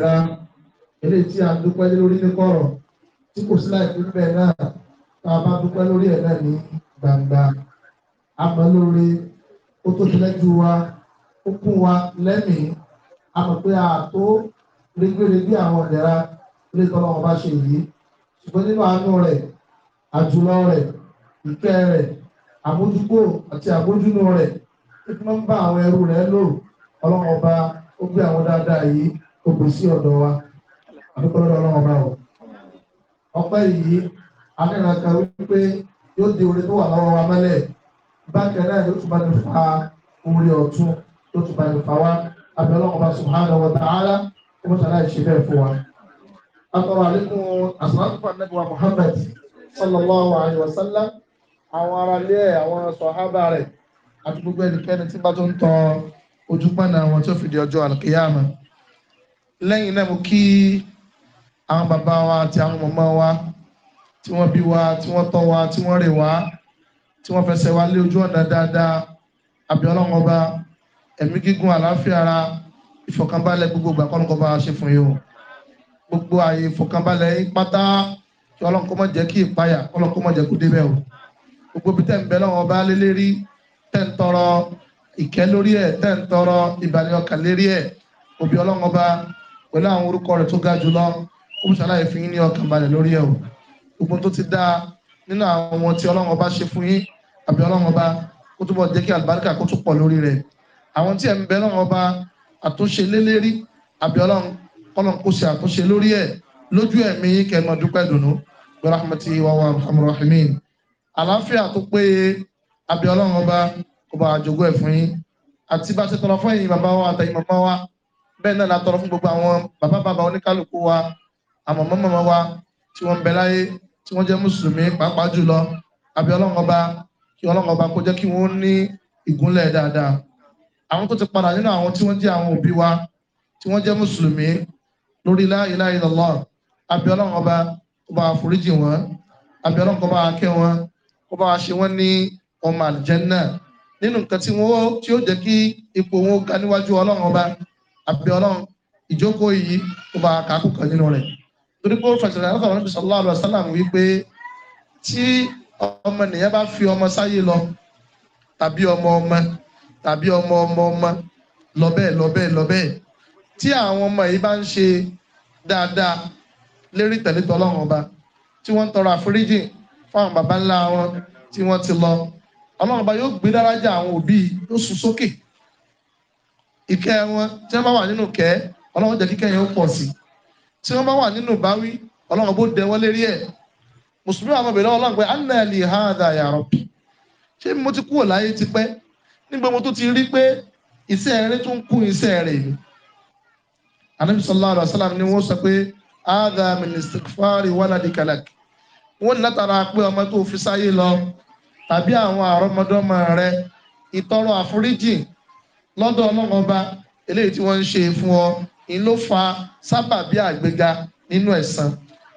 ìlera eléyìí tí a dúpẹ́ lórí ní kọ̀rọ̀ tí kò sí láìpẹ́ bẹ́ẹ̀ náà tá a bá dúpẹ́ lórí ẹ̀ náà ní gbangba àmọ́ lórí ó tó tilẹ́jú wa ó kún wa lẹ́mìí àmọ́ pé a tó rígbére bí àwọn ìlera lè tọ́lọ́ wọn bá ṣe yìí ṣùgbọ́n nínú àánú rẹ̀ àjùlọ rẹ̀ ìkẹ́ rẹ̀ àmójúgbò àti àmójúnú rẹ̀ tí wọ́n ń bá àwọn ẹrú rẹ̀ lò ọlọ́run ọba ó gbé àwọn dáadáa yìí òkú sí ọ̀dọ̀ wa àdúgbò ọlọ́run ọba o ọpẹ́ yìí aníraka wípé yóò di orí tó wà lọ́wọ́ wa mẹ́lẹ̀ bákan náà yóò tún bá ní fa orí ọ̀tún yóò tún bá ní fa wá Muhammad sallallahu alayhi wa sallam àwọn aráalé ẹ̀ àwọn sọ̀hábà rẹ̀ àti gbogbo ẹnikẹ́ni tí bá tó ń tan ojúpọ̀nà àwọn tó fi di ọjọ́ àlùkìyàmù lẹ́yìn náà mo kí àwọn bàbá wa àti àwọn màmá wa tí wọ́n bí wa tí wọ́n tọ́ wa tí wọ́n rè wá tí wọ́n fẹsẹ̀ wa lé ojú ọ̀nà dáadáa àbí ọlọ́run ọba ẹ̀mí gígùn àlàáfíà ara ìfọ̀kànbalẹ̀ gbogbo ìgbà kọ́nù kọ́ba ṣe fún yìí o gbogbo àyè ìfọ̀kànbalẹ̀ pátá kí ọlọ́run kó má jẹ́ kí ìpayà ọlọ́run kó má jẹ́ kó débẹ̀ o gbogbo ibi tẹ̀ lọ́wọ́ ọba lélẹ́rí tẹ̀ tọrọ ìkẹ́ lórí ẹ̀ tẹ̀ tọrọ ìbàlẹ̀ ọkàn lérí ẹ̀ òbí ọlọ́run ọba pẹ̀lú àwọn orúkọ rẹ̀ tó ga jùlọ kó mú ṣàlàyé fún yín ní ọkàn balẹ̀ lórí ẹ̀ o gbogbo tó ti dáa nínú àwọn tí ọlọ́run ọba ṣe fún yín àbí ọlọ́run ọba kó túbọ̀ jẹ́ kí àlùbáríkà kó tún pọ̀ lórí rẹ̀ àwọn tí ẹ̀ ń bẹ ọlọ́run ọba àtúnṣe lélẹ́rí àbí ọlọ́run kọ́lọ́n kó ṣe àtúnṣe lórí ẹ̀ lójú ẹ̀mí kẹ́mọ́ dúpẹ́ dùnú gbọ́dọ̀hámẹ́tì wàwà bẹ́ẹ̀ náà la tọrọ fún gbogbo àwọn bàbá bàbá oníkálukú wa àmọ́ mọ́mọ́ wa tí wọ́n ń bẹ láyé tí wọ́n jẹ́ mùsùlùmí pàápàá jùlọ àbí ọlọ́ngọba kí ọlọ́ngọba kó jẹ́ kí wọ́n ní ìgúnlẹ̀ dáadáa àwọn tó ti padà nínú àwọn tí wọ́n jẹ́ àwọn òbí wa tí wọ́n jẹ́ mùsùlùmí lórí la ilaha illallah àbí ọlọ́ngọba kó bá foríjì wọn àbí ọlọ́ngọba akẹ́ wọn kó bá ṣe wọ́n ní ọmọ àlùjánnà nínú nǹkan tí ó jẹ́ kí ipò wọn ga níwájú ọlọ́ngọba àbí ọlọ́run ìjókòó yìí ó bá kàákù kan nínú rẹ̀ torí pé ó fẹsẹ̀ rẹ̀ lọ́sọ̀rọ̀ níbi sallallahu alaihi wasallam wípé tí ọmọ nìyẹn bá fi ọmọ sáyé lọ tàbí ọmọ ọmọ tàbí ọmọ ọmọ ọmọ lọ bẹ́ẹ̀ lọ bẹ́ẹ̀ lọ bẹ́ẹ̀ tí àwọn ọmọ yìí bá ń ṣe dáadáa lérí tẹ̀lé tọ́lọ́run ọba tí wọ́n ń tọrọ àforíjì fáwọn baba ńlá wọn tí wọ́n ti lọ ọlọ́run ọba yóò gbé dárájà àwọn òbí yóò sún sókè ìkẹ́ wọn tí wọ́n bá wà nínú kẹ́ ọlọ́run jẹ́ kíkẹ́ yẹn ó pọ̀ sí tí wọ́n bá wà nínú báwí ọlọ́run bó dẹ wọ́n lérí ẹ̀ mùsùlùmí àwọn obìnrin ọlọ́run pé anna ha ya ṣé mo ti kúrò láyé ti pẹ́ nígbà mo tó ti rí pé iṣẹ́ eré tó ń kún mi anabi sallallahu ni wọ́n sọ pé waladika wọ́n látara pé ọmọ tó lọ tàbí àwọn àrọ́mọdọ́mọ lọ́dọ̀ ọlọ́run ọba eléyìí tí wọ́n ń ṣe fún ọ ń ló fa sábàbí àgbéga nínú ẹ̀san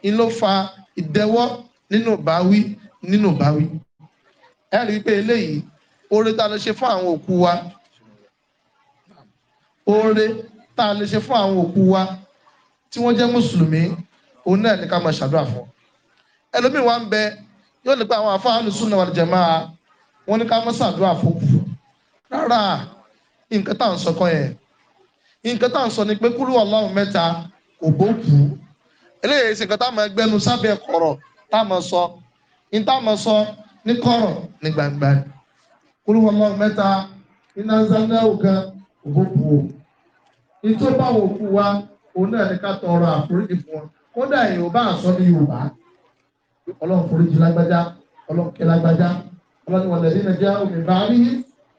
ń ló fa ìdẹ́wọ́ nínú báwí nínú báwí ẹ rí i pé eléyìí oore tá a lè ṣe fún àwọn òkú wa oore tá a lè ṣe fún àwọn òkú wa tí wọ́n jẹ́ mùsùlùmí òun náà ní ká máa ṣàdúrà fún ẹlòmíín wa ń bẹ yóò lè pa àwọn àfáà Ahlus Sunnah wọn ní ká máa ṣàdúrà fún òkú rárá nǹkan tá à ń sọ kọ́ yẹn nǹkan tá à ń sọ ni pé kúrú Allahu mẹ́ta kò bókù eléyìí ṣe nǹkan tá à máa gbẹnu sábẹ́ kọ̀rọ̀ tá à máa sọ ní tá à máa sọ ní kọ̀rọ̀ ní gbangba kúrú Allahu mẹ́ta iná zandáwò kan kò bókù o ní tó bá wò kú wa òun náà ní ká tọrọ àforíjì fún wọn kódà èèyàn bá àsọ ní Yorùbá Ọlọ́run foríjì lágbájá Ọlọ́run kẹ́ lágbájá Ọlọ́run wọlé nínú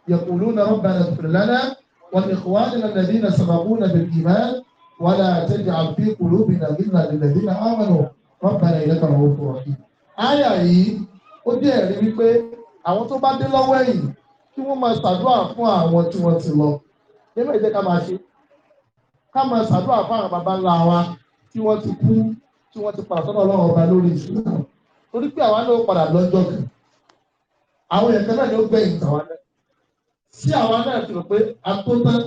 يقولون ربنا اغفر لنا ولإخواننا الذين سبقونا بالإيمان ولا تجعل في قلوبنا غلا للذين آمنوا ربنا إنك رؤوف رحيم آية yìí ó jẹ́ ẹ̀rí wípé àwọn tó bá dé lọ́wọ́ ẹ̀yìn kí wọ́n máa ṣàdúrà fún àwọn tí wọ́n ti lọ nínú ìjẹ́ ká máa ṣe ká máa ṣàdúrà fún àwọn baba ńlá wa tí wọ́n ti kú tí wọ́n ti padà sọ́dọ̀ ọlọ́run ọba lórí ìṣúná torí pé àwa náà padà lọ́jọ́ kan àwọn èèyàn kan náà ni ó gbẹ̀yìn tàwa náà tí àwa náà fi hàn pé atótán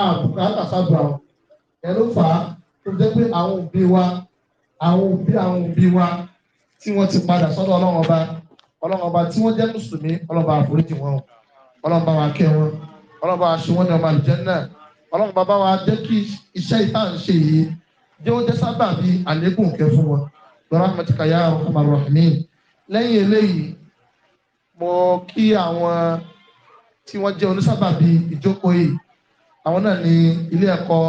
àbùkátà sábà wọn ẹnu fà á tó jẹ́ pé àwọn òbí wa àwọn òbí àwọn òbí wa tí wọ́n ti padà sọ́dọ̀ ọlọ́run ọba ọlọ́run ọba tí wọ́n jẹ́ mùsùlùmí ọlọ́run bá àforíjì wọn ọlọ́run bá wa kẹ́ wọn ọlọ́run bá wa ṣe wọ́n ní ọmọ àlùjánnà ọlọ́run bá bá wa jẹ́ kí iṣẹ́ ìta ń ṣe yìí jẹ́ oúnjẹ sábà bí àlékún kẹ́ fún wọn rahmatika ya rahman rahimin lẹ́yìn eléyìí mo kí àwọn tí wọ́n jẹ́ onísábàbí ìjókòó yìí àwọn náà ní ilé ẹ̀kọ́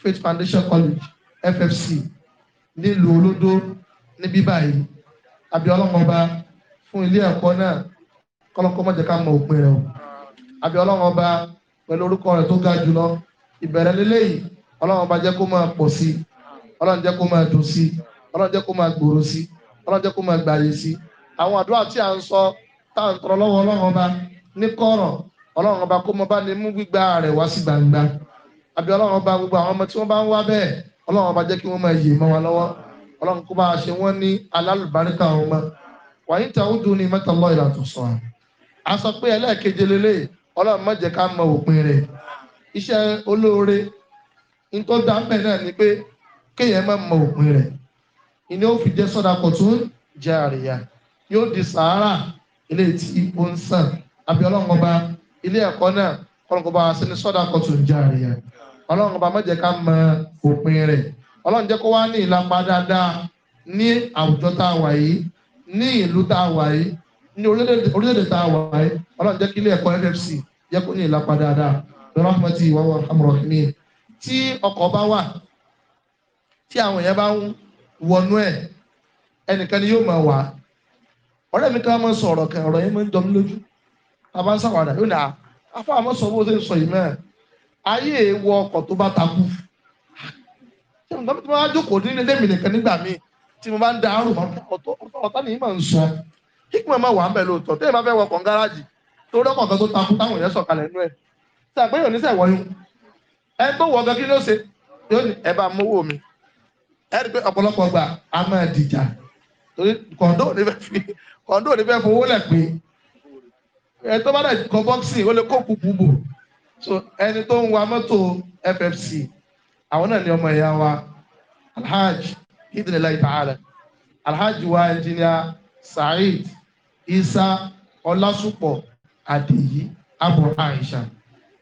Faith Foundation College FFC nílùú Olódó níbí báyìí àbí ọlọ́mọba fún ilé ẹ̀kọ́ náà kọ́lọ́kọ́ má jẹ́ ká mọ òpin rẹ̀ o àbí ọlọ́mọba pẹ̀lú orúkọ rẹ̀ tó ga jùlọ ìbẹ̀rẹ̀ lélẹ́yìí ọlọ́mọba jẹ́ kó máa pọ̀ sí ọlọ́run jẹ́ kó máa dùn sí ọlọ́run jẹ́ kó máa gbòòrò sí ọlọ́run jẹ́ kó máa gbàyè sí àwọn àdúrà tí à ń sọ táwọn tọrọ lọ́wọ́ ọlọ́mọba ní kọ̀rọ̀ ọlọ́run ọba kó mọ bá ní mú gbígbà rẹ̀ wá sí gbangba àbí ọlọ́run ọba gbogbo àwọn ọmọ tí wọ́n bá ń wá bẹ́ẹ̀ ọlọ́run ọba jẹ́ kí wọ́n máa yè mọ́ wa lọ́wọ́ ọlọ́run kó bá a ṣe wọ́n ní alálùbáríkà àwọn ọmọ wàyí ta ó dùn ní mẹ́ta lọ́ ìlà tó sọ à á sọ pé ẹlẹ́ẹ̀keje lélẹ̀ ọlọ́run má ká mọ òpin rẹ̀ iṣẹ́ olóore nǹkan dá náà ni pé kéèyàn má mọ òpin rẹ̀ ìní ó fi jẹ́ sọ́dà kò tún jẹ́ àríyá yóò di sàárà ilé tí ó ń sàn àbí ọlọ́run ọba ilé ẹ̀kọ́ náà ọlọ́run kò bá wa sí ní sọ́dà kọ́tù jàríyà ọlọ́run bá má jẹ́ ká mọ òpin rẹ̀ ọlọ́run jẹ́ kó wá ní ìlàpá dáadáa ní àwùjọ tá a wà yìí ní ìlú tá a wà yìí ní orílẹ̀-èdè tá a wà yìí ọlọ́run jẹ́ kí ilé ẹ̀kọ́ FFC jẹ́ kó ní ìlàpá dáadáa lọ́rọ́ àpótí ìwà wà amúrọ̀kìmí tí ọkọ̀ bá wà tí àwọn èèyàn bá ń wọnú ẹ̀ ẹnìkan ni yóò máa wà ọ̀rẹ́ mi ká máa sọ ọ̀rọ̀ kan ọ̀rọ̀ yẹn máa ń jọ lójú bá ń ṣàwàdà yóò ní à ah, afọ àmọ́ sọ bó ṣe ń sọ yìí mẹ́ẹ̀ ayé wọ ọkọ̀ tó bá takú ṣé mo tó máa jókòó ní ilé mi nìkan nígbà míì tí mo bá ń da àrùn ọ̀tá nìyí máa ń sọ kíkùn ẹ̀ máa wà ń bẹ̀ lóòótọ́ tẹ́lẹ̀ máa fẹ́ wọkọ̀ ń gáràjì tó rọ́kọ̀ kan tó takú táwọn èèyàn sọ̀kalẹ̀ nú ẹ̀ sàgbéyàn oníṣẹ́ ìwọ́yún ẹ tó wọ gan kí ló ṣe yóò ní ẹ mi ẹ rí i pé ọ̀pọ̀lọpọ̀ gbà á máa dìjà torí kọ̀ǹdó ò ní fẹ́ fowó lẹ̀ pé ẹ tó bá dẹ̀ kọ boxing ó lè kó kú bùbù so ẹni tó ń wa mọ́tò FFC àwọn náà ni ọmọ ẹ̀yà wa alhaji idinila itaala alhaji wa engineer saheed isa ọlásùpọ adìyí abu aisha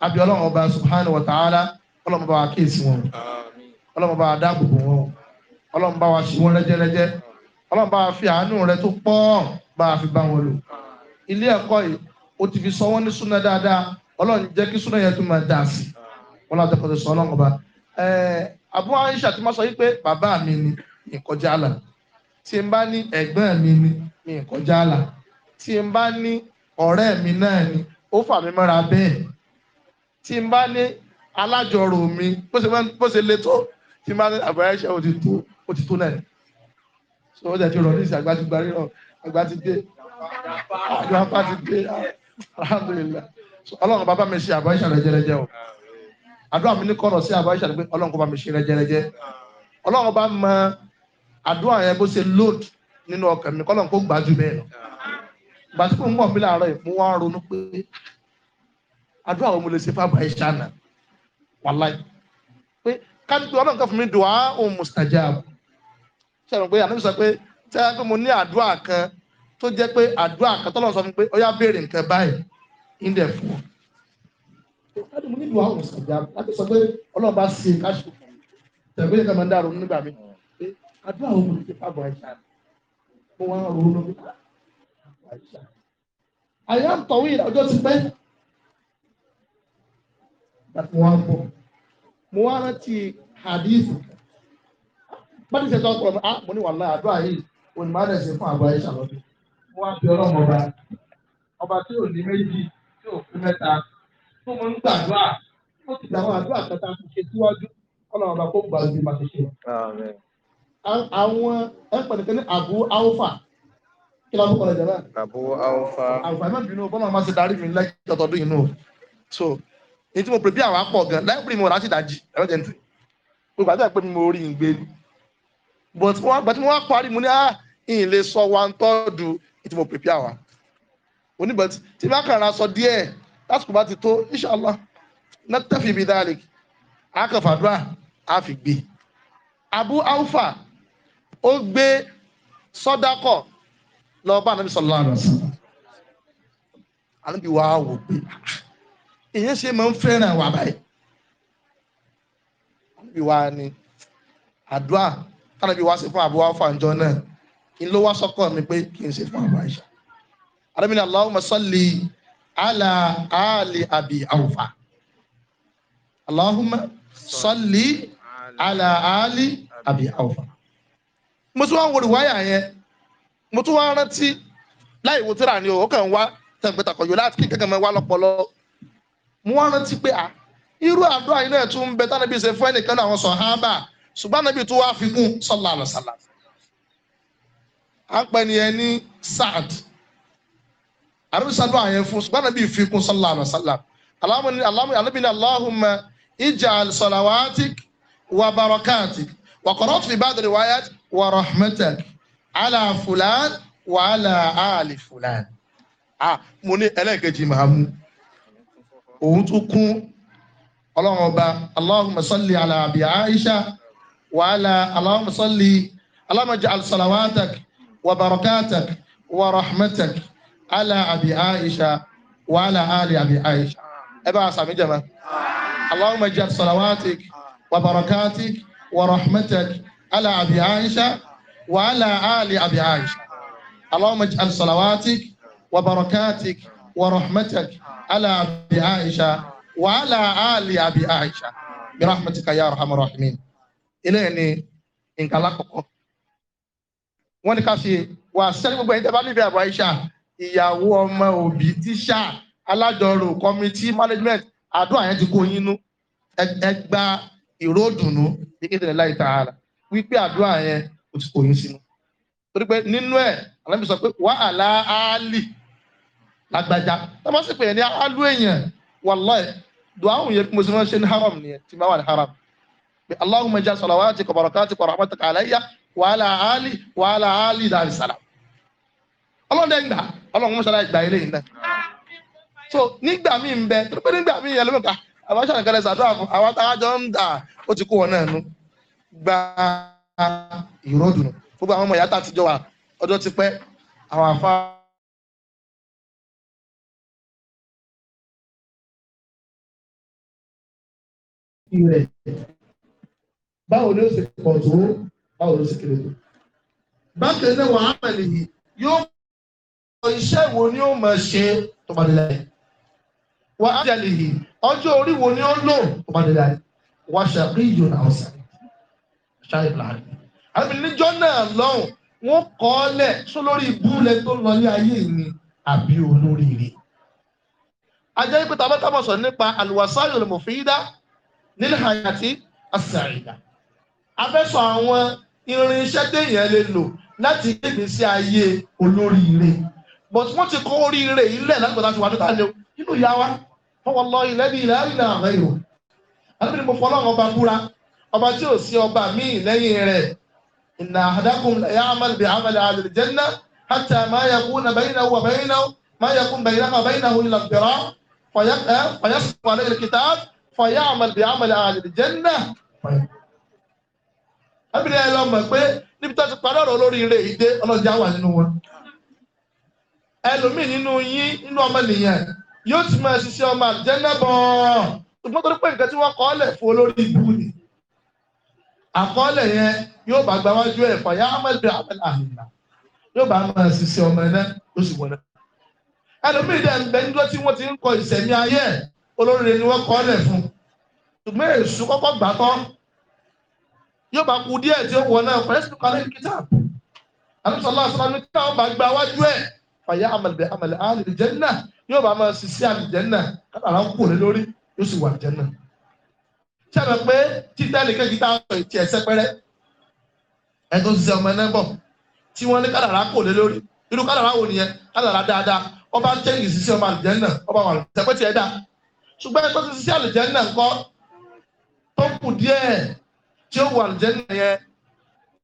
abiola ọba subhanahu wa ta'ala ọlọmọba wa kéésì wọn ọlọmọba wa dáàbòbò wọn ọlọmọba wa ṣì wọn rẹjẹrẹjẹ ọlọmọba wa fi àánú rẹ̀ tó pọ̀ bá a fi bá wọn lò ilé ẹ̀kọ́ yìí ó ti fi sọ wọ́n ní súnà dáadáa ọlọ́run jẹ́ kí súnà yẹn tún máa dáa sí wọn láti kọ́ sọ ọlọ́run ọba àbúrò àyíṣà ti máa sọ wípé bàbá mi ni ìkọjá àlà tí n bá ní ẹ̀gbọ́n mi ni ìkọjá àlà tí n bá ní ọ̀rẹ́ mi náà ni ó fà mí mọ́ra bẹ́ẹ̀ tí n bá ní alájọrò mi bó ṣe le tó tí n bá ní àbúrò àyíṣà ó ti tó ó ti tó náà so ó dẹ̀ ti rọ̀ ní ìsìn àgbà ti gbarí rọ̀ àgbà ti dé àgbà ti dé alhamdulilayi ọlọ́run bàbá mi ṣe àbáyé ṣàlẹ̀ jẹ́rẹ́jẹ́ o àdúrà mi ní kọ́rọ̀ sí àbáyé ṣàlẹ̀ pé ọlọ́run kò bá mi ṣe rẹ jẹ́rẹ́jẹ́ ọlọ́run bá mọ àdúrà yẹn bó ṣe load nínú ọkàn mi kọ́lọ́run kó gbà jù bẹ́ẹ̀ lọ gbà tí mo ń bọ̀ mí láàárọ̀ yìí mo wá ronú pé àdúrà wo mo lè ṣe fábàáyé ṣàlẹ̀ wàláì pé kájú ọlọ́run kan fún mi dùn á òun mustajab ṣe àrùn pé àná tó jẹ́ pé àdúrà kan tọ́lọ́run sọ fún pé ó yá béèrè nǹkan báyìí ń dẹ̀ fún ọ. ìtàdé mo nílò àwọn ìsọ̀jà láti sọ pé ọlọ́run bá ṣe káṣù tẹ̀gbẹ́ yẹn kan máa ń dàrú nígbà mi pé àdúrà òun kò ti pàgọ́ àìsà mo wá ń ronú lórí àyà ń tọ̀wé ọjọ́ ti pẹ́ láti wọ́n bọ̀ mo wá rántí hadith bá ti ṣe tọ́ ah mo ní wàhálà àdúrà yìí òní máa dẹ̀ ṣe fún àgbà àìsà wá fi ọlọ́mọ ọba ọba tí ò ní méjì tí ò fún mẹ́ta tó mọ ń gbàdúrà ó ti gbàwọn àdúrà kẹta ti ṣe síwájú ọlọ́mọ ọba kó gbàdúrà máa ti ṣe. àwọn ẹ ní àbú áwòfà kí ló ń kọ́ ọ̀rẹ́dẹ̀ náà. àbú áwòfà. àwòfà náà bínú bọ́lá máa ṣe darí mi lẹ́yìn tọ́tọ́dún inú so ní tí mo pè bí àwọn apọ̀ gan láìpẹ́ mi ò láti parí mo ní à ah, ìyìn lè sọ wa ń tọ́jú ètò mo prepare wa oníbẹ̀tì tí bá kàn ra sọ díẹ̀ lásìkò bá ti tó inshallah nẹ́tẹ́fì bíi dáàlì akọ̀fàdúrà àfìgbè abu alfa ó gbé sọ́dákọ̀ lọ bá ànábi sọ̀rọ̀ láàrín sí ànábi wàá wò pé ìyẹn ah, ṣe máa ń fẹ́ràn wà báyìí ànábi wàá ní àdúrà tànábi wàá sí fún abu alfa ǹjọ́ náà ló wá sọ́kọ̀ mi pé kí n ṣe fún àwọn àìsàn àdébìnrin Allahumma salli ala ali abi awfa Allahumma salli ala ali abi awfa mo tún wá ń wo ìwáyà yẹn mo tún wá rántí láì wo tíra ni o ó kàn ń wá tẹ̀gbẹ́tàkọ̀yọ̀ láti kí kankan mọ́ wá lọ́pọ̀lọ́ mo wá rántí pé à ah, irú àdúrà yìí náà tún bẹ tánàbí ṣe fún ẹnìkan náà àwọn sọ̀hábà ṣùgbọ́n ànábì tún wá fi kún sallallahu alaihi wasallam àpẹni ẹ ní Saad àrùsàdó àyẹn fún gbọ́dọ̀ bí ìfikún sallallahu alaihi wasallam alábìnrin aláhùnmá ij'al salawatik wa barakatik wa qurrat fi ba'd riwayat wa rahmatak ala fulan wa ala ali fulan. a mo ní ẹlẹ́ẹ̀kejì màá mú òun tún kún ọlọ́run ọba aláhùnmá salli ala abi aisha wa ala aláhùnmá salli aláhùnmá ij'al وبركاتك ورحمتك على أبي عائشة وعلى آل أبي عائشة أبا سامي جمع اللهم اجعل صلواتك وبركاتك ورحمتك على أبي عائشة وعلى آل أبي عائشة اللهم اجعل صلواتك وبركاتك ورحمتك على أبي عائشة وعلى آل أبي عائشة برحمتك يا أرحم الراحمين إليني إن كلاكم wọ́n ní ká ṣe wà sẹ́ni gbogbo ẹ̀yin tẹ́bá níbi àbọ̀ àyíṣà ìyàwó ọmọ òbí tíṣà alájọrò kọ́mítì management àdúrà yẹn ti kó yín nú ẹ gba ìró dùnú ní kéde láì tààrà wípé àdúrà yẹn ó ti kó yín sínú torí pé nínú ẹ̀ alábi sọ pé wà á lá áálì lágbájá tọ́mọ sí pé ẹni áálù èèyàn wallahi dùn àwọn yẹn mo sì máa ń ṣe ní haram nìyẹn tí máa wà ní haram pé Allahumma ij'al salawatika wa barakatika wa rahmataka alayya wàhálà áálì wàhálà áálì dàrí sàlà ọlọ́dẹ gbà ọlọ́run mọ́ṣálá gbà ilé yìí náà so nígbà míì ń bẹ tó pé nígbà míì àwọn ń dà ó ti kó wọn náà gbogbo àwọn ọmọ ìyá ti pẹ́ àwọn báwo ni ó báwo ló sì kéré tó. bákan náà wàá mẹ́lẹ̀ yìí yóò mọ iṣẹ́ wo ni ó máa ṣe tó bá délẹ̀ wàá jẹ́lẹ̀ yìí ọjọ́ orí wo ni ó lò tó bá délẹ̀ wàá ṣàkóso ìjọ náà ọ̀sán ṣáà ìbùláàrí. àbí níjọ́ náà lọ́hùn wọ́n kọ́ ọ lẹ̀ sọ lórí ibúlẹ̀ tó lọ ní ayé mi àbí olóríire. ajẹ́ pé tàbá nípa àlùwàsáyò lè mọ̀ fi dá nílẹ̀ àyàtí àṣàyà. a àwọn irinṣẹ́ téèyàn lè lò láti gbègbè sí ayé olóríire but wọ́n ti kó oríire ilẹ̀ lágbàdá fi wà níta lé nínú ìyá wa fọwọ́ lọ ilẹ̀ bí ilẹ̀ àrìnà àwọn èrò alábìrin mo fọlọ́ ọba búra ọba tí ò sí ọba míì lẹ́yìn rẹ̀ ìnà àdákùn ẹ̀yà amal bẹ̀ eh, amal àlè jẹ́nà hàtà máa yẹ kún nà bẹ́yìn náà wà bẹ́yìn náà máa yẹ kún bẹ́yìn náà bẹ́yìn náà wọ́n ilẹ̀ bẹ̀rẹ̀ fọyà sọ̀rọ̀ ilẹ̀ kìtà fọyà amal bẹ̀ amal àlè jẹ́nà fọyà ẹbí ẹ lọ mọ̀ pé níbi tó ti parí ọ̀rọ̀ lórí ire ìdè ọlọ́jà wà nínú wọn. ẹlòmíì nínú yín nínú ọmọ nìyẹn yóò ti máa ṣiṣẹ́ ọmọ àjẹ́nà bọ̀ọ̀n ṣùgbọ́n torí pé nǹkan tí wọ́n kọ́ọ́lẹ̀ fún olórí ibú ni. àkọọ́lẹ̀ yẹn yóò bá gba wájú ẹ̀ fàyà ahmed ahmed ahmed yóò bá máa ṣiṣẹ́ ọmọ ẹ̀ náà yóò sì wọlé. ẹlòmíì dẹ̀ ń bẹ níjọ́ tí wọ́n ti ń kọ ìṣẹ̀mí ayé olórí ni wọ́n kọ́ọ́lẹ̀ fún ṣùgbọ́n èṣù kọ́kọ́ gbàtọ́ yóò bá kú díẹ̀ tí ó wọ náà fẹ́ sínú kalẹ́ kíta alùsọ̀lá sọ̀rọ̀ ní kí àwọn bá gba wájú ẹ̀ fàyà àmàlẹ̀ àmàlẹ̀ àlè jẹ́nà yóò bá máa sisi àlè jẹ́nà kátàrà ń kú lé lórí yóò sì wà jẹ́nà. sábà pé títà nìkan kí táwọn ọ̀rọ̀ ìtì ẹ̀sẹ̀ pẹ́rẹ́ ẹ̀tọ́ sísẹ ọmọ ẹ̀nà bọ̀ tí wọ́n ní kátàrà kò lé lórí irú kátàrà wò nìyẹn kátàrà dáadáa ọba sisi ọmọ àlè jẹ́nà ọba wà lọ́sẹ̀ pẹ́ tiẹ̀ dá ṣùgbọ́n ẹ̀tọ́ sísẹ àlè jẹ́nà ńkọ́ tí ó wà lùjẹ́ nìyẹn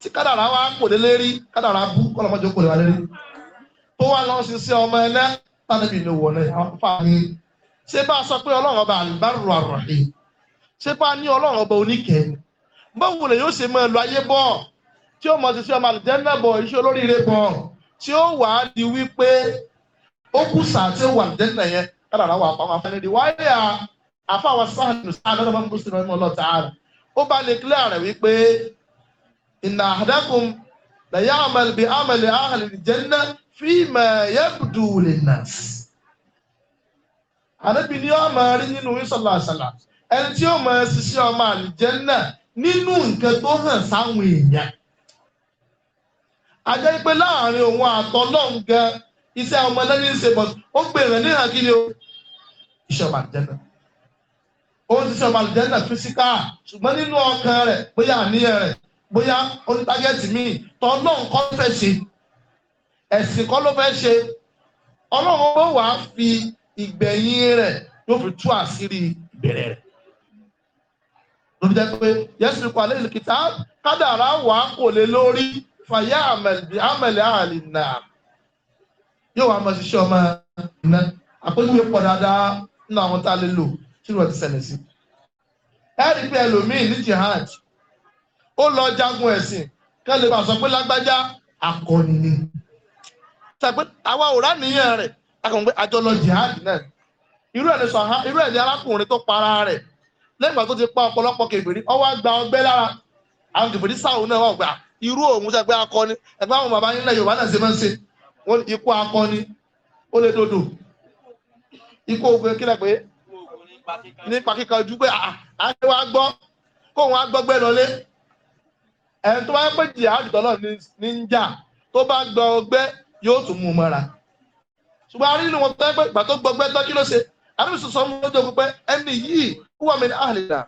tí kádàrá wa kò lé lérí kádàrá bú kọ́lọ́mọ́jọ́ kò lè wá lérí tó wà lọ́n ṣiṣẹ́ ọmọ ẹlẹ́ tánàbí ló wọ̀ náà fà mí ṣé bá a sọ pé ọlọ́run ọba àlùbárò àròhìn ṣé bá a ní ọlọ́run ọba oníkẹ́ báwo lè yóò ṣe mọ ẹlò ayé bọ́ tí ó mọ ṣiṣẹ́ ọmọ àlùjẹ́ náà bọ̀ iṣẹ́ olóríire bọ̀ tí ó wà á di wípé ó kù sàá tí ó wà àlùjẹ́ náà yẹn kádàrá wà pàwọn afẹ́ni ó bá lè clear rẹ̀ wípé inna ahadakum la ya'mal bi amali ahli al-janna fima yabdu lin-nas. àdébí ni ọmọ rí nínú ìsọlá àṣàlà ẹni tí ó mọ ṣiṣẹ́ ọmọ àlìjẹ́nà nínú nǹkan tó hàn sáwọn èèyàn. ajẹ́ pé láàrin òun àtọ́lọ́hún gan iṣẹ́ ọmọ lẹ́yìn ṣe bọ̀ ó gbèrè níhàn kí ni o ìṣọ̀bà àlìjẹ́nà ó ń ṣiṣẹ́ ọmọ àlùjẹ́ndà físíkà ṣùgbọ́n nínú ọkàn rẹ̀ bóyá àníyàn rẹ̀ bóyá ó ní tágẹ́tì míì tọ́ náà kọ́ fẹ́ ṣe ẹ̀sìn kọ́ ló fẹ́ ṣe ọlọ́run ó wàá fi ìgbẹ̀yìn rẹ̀ yóò fi tú àṣírí ìbẹ̀rẹ̀ rẹ̀ lórí jẹ́ pé yẹ́sùn nípa alẹ́ ìlú kìtà kádàrá wàá kò lé lórí fàyà àmẹ̀lẹ̀ àlè náà yóò wàá mọ̀ ṣiṣẹ́ ọmọ iná àpéjúwe pọ̀ dáadáa nínú àwọn tá a lè lò tí wọ́n ti ṣẹlẹ̀ sí. ẹ̀rí pé ẹlòmíì ní jihad ó lọ jagun ẹ̀sìn kẹ́lẹ́ bá sọ pé lágbájá akọni ni. sàpé àwa ò ránìyàn rẹ̀ akọ̀wé pé àjọ lọ jihad náà irú ẹ̀ ní sọ̀hán irú ẹ̀ ní arákùnrin tó para rẹ̀ lẹ́yìn ìgbà tó ti pa ọ̀pọ̀lọpọ̀ kèbèrè ọwọ́ àgbà ọgbẹ́ lára àwọn kèbèrè sáwọn náà wọ́n gbà irú òun sẹ́gbẹ́ akọni ẹgbẹ́ àwọn bàbá nílẹ̀ Yorùbá náà ṣe máa ń ṣe ikú akọni ó lè dodo ikú òfin kílẹ̀ pé nípa kíkanjú pé àṣewà ah, ah, gbọ́ kóun á gbọ́gbẹ́ lọlé ẹni tó bá yẹ pé jihad tọ́lọ̀ ní ń jà tó bá gbọ́ ọgbẹ́ yóò tún mú mọ́ra ṣùgbọ́n a rí inú wọn tó yẹ pé ìgbà tó gbọ́gbẹ́ tọ́ kí ló ṣe àdúgbò sọ fún ọjọ́ pípẹ́ ẹni yìí kúwà mi ní àhàlìlà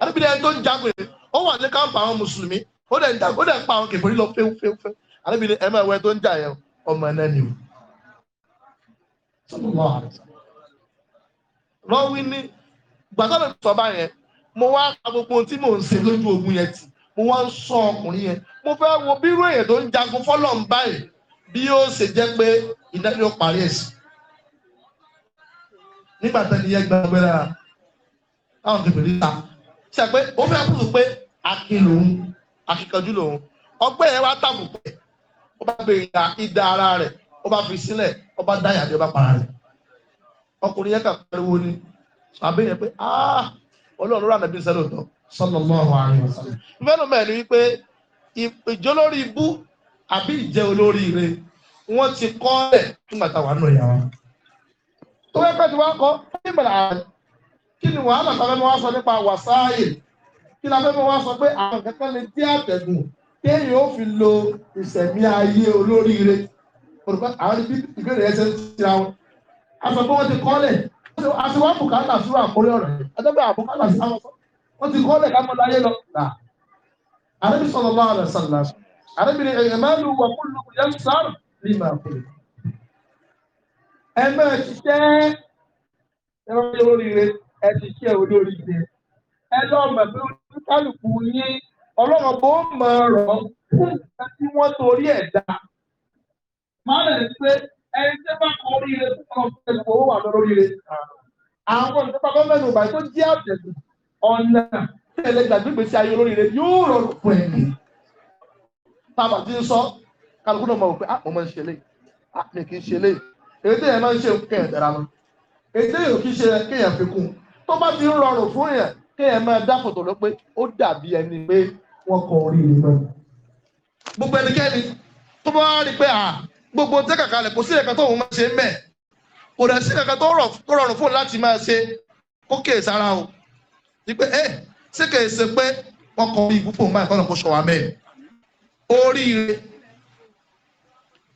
àdúgbò ẹni tó ń jagun yìí ó wà ní káńpà àwọn mùsùlùmí ó dẹ̀ ń jagun ó dẹ̀ ń pa àwọn kèfèrí lọ fẹ́fẹ́fẹ́ àdúgbò ẹni rọ́wí ní gbàtọ́lẹ̀ sọ́bà yẹn mo wá ka gbogbo ohun tí mò ń ṣe lójú ogun yẹn tì mo wá ń sọ ọkùnrin yẹn mo fẹ́ wo bírú èèyàn tó ń jagun fọ́lọ̀ ń báyìí bí yóò ṣe jẹ́ pé ìdájọ́ parí ẹ̀sìn nígbà tẹ́ni yẹn gbàgbé lára táwọn kìbìrì níta ṣe pé ó fẹ́ kúrò pé akin lòun akíkanjú lòun ọgbẹ́ yẹn wá tàbùkù ó bá bèrè ìdá ara rẹ̀ ó bá fi sílẹ̀ ó bá dáyà bí ó bá para rẹ̀ ọkùnrin yẹn kà pariwo ni àbí yẹn pé ah ọlọ́run rà nàbí sẹ́lẹ̀ ọ̀dọ́ sallallahu alaihi wasallam. fẹ́nu mẹ́rin wípé ìjọlórí ibú àbí ìjẹ́ olórí ire wọ́n ti kọ́ ẹ̀ nígbà táwa nù ẹ̀yà wa. tó yẹ pé tí wọ́n kọ́ nígbàlá ààrẹ kí ni wàhálà tàbí wọ́n sọ nípa wàsáàyè kí ni abẹ́mọ́ wọ́n sọ pé àwọn kankan lè dé àtẹ̀gùn kéèyàn ó fi lo ìsẹ̀mí ayé olórí ire. àwọn ibi ìbéèrè ẹsẹ̀ ń tira wọn aṣọ pé wọ́n ti kọ́lẹ̀ aṣọ wọn bùkátà sùúrù àkórí ọ̀rọ̀ ẹ̀dọ́gbẹ́ àbùkátà sí àwọn sọ wọ́n ti kọ́lẹ̀ kámọ́ láyé lọ. àrẹ́bí sọ̀rọ̀ lọ́wọ́ rẹ̀ sọ̀rọ̀ àrẹ́bí ni ẹ̀yẹ̀ máa ń lu wàkúlù yẹn sáré ní màá kú. ẹ máa ṣiṣẹ́ ẹ máa ṣe oríire ẹ ẹni Àwọn ìjọba gọ́ọ̀mẹ̀ntì ọba tó jẹ́ àtẹ̀gùn ọ̀nà tẹ̀lé gbàgbégbè sí ayé olóríire yóò rọrùn fún ẹ̀mí. Tábà ti sọ kálukú náà mọ̀ pé ah, mo máa ń ṣe léyìí, ah, kì í ṣe Èdè yẹn máa ń ṣe kẹ̀yẹ̀ dára lọ. Èdè yóò kì í ṣe kéèyàn fi kún. Tó bá ti ń rọrùn fún yẹn, kéèyàn máa dá fòtò lọ pé ó dàbí ẹni pé wọ́n kọ oríire náà. Gbogbo ẹnikẹ́ni tó bá rí pé ah, gbogbo tẹ́kàkà lẹ̀ kò sí ẹ̀ka tó òun máa ṣe ń bẹ̀ kò dẹ̀ sí ẹ̀ka tó rọrùn fún láti máa ṣe kó kè sára o wípé ẹ ṣé kè ṣe pé wọn kọ ìbú fún báyìí kọ́nà kó ṣọ wa mẹ́rin oríire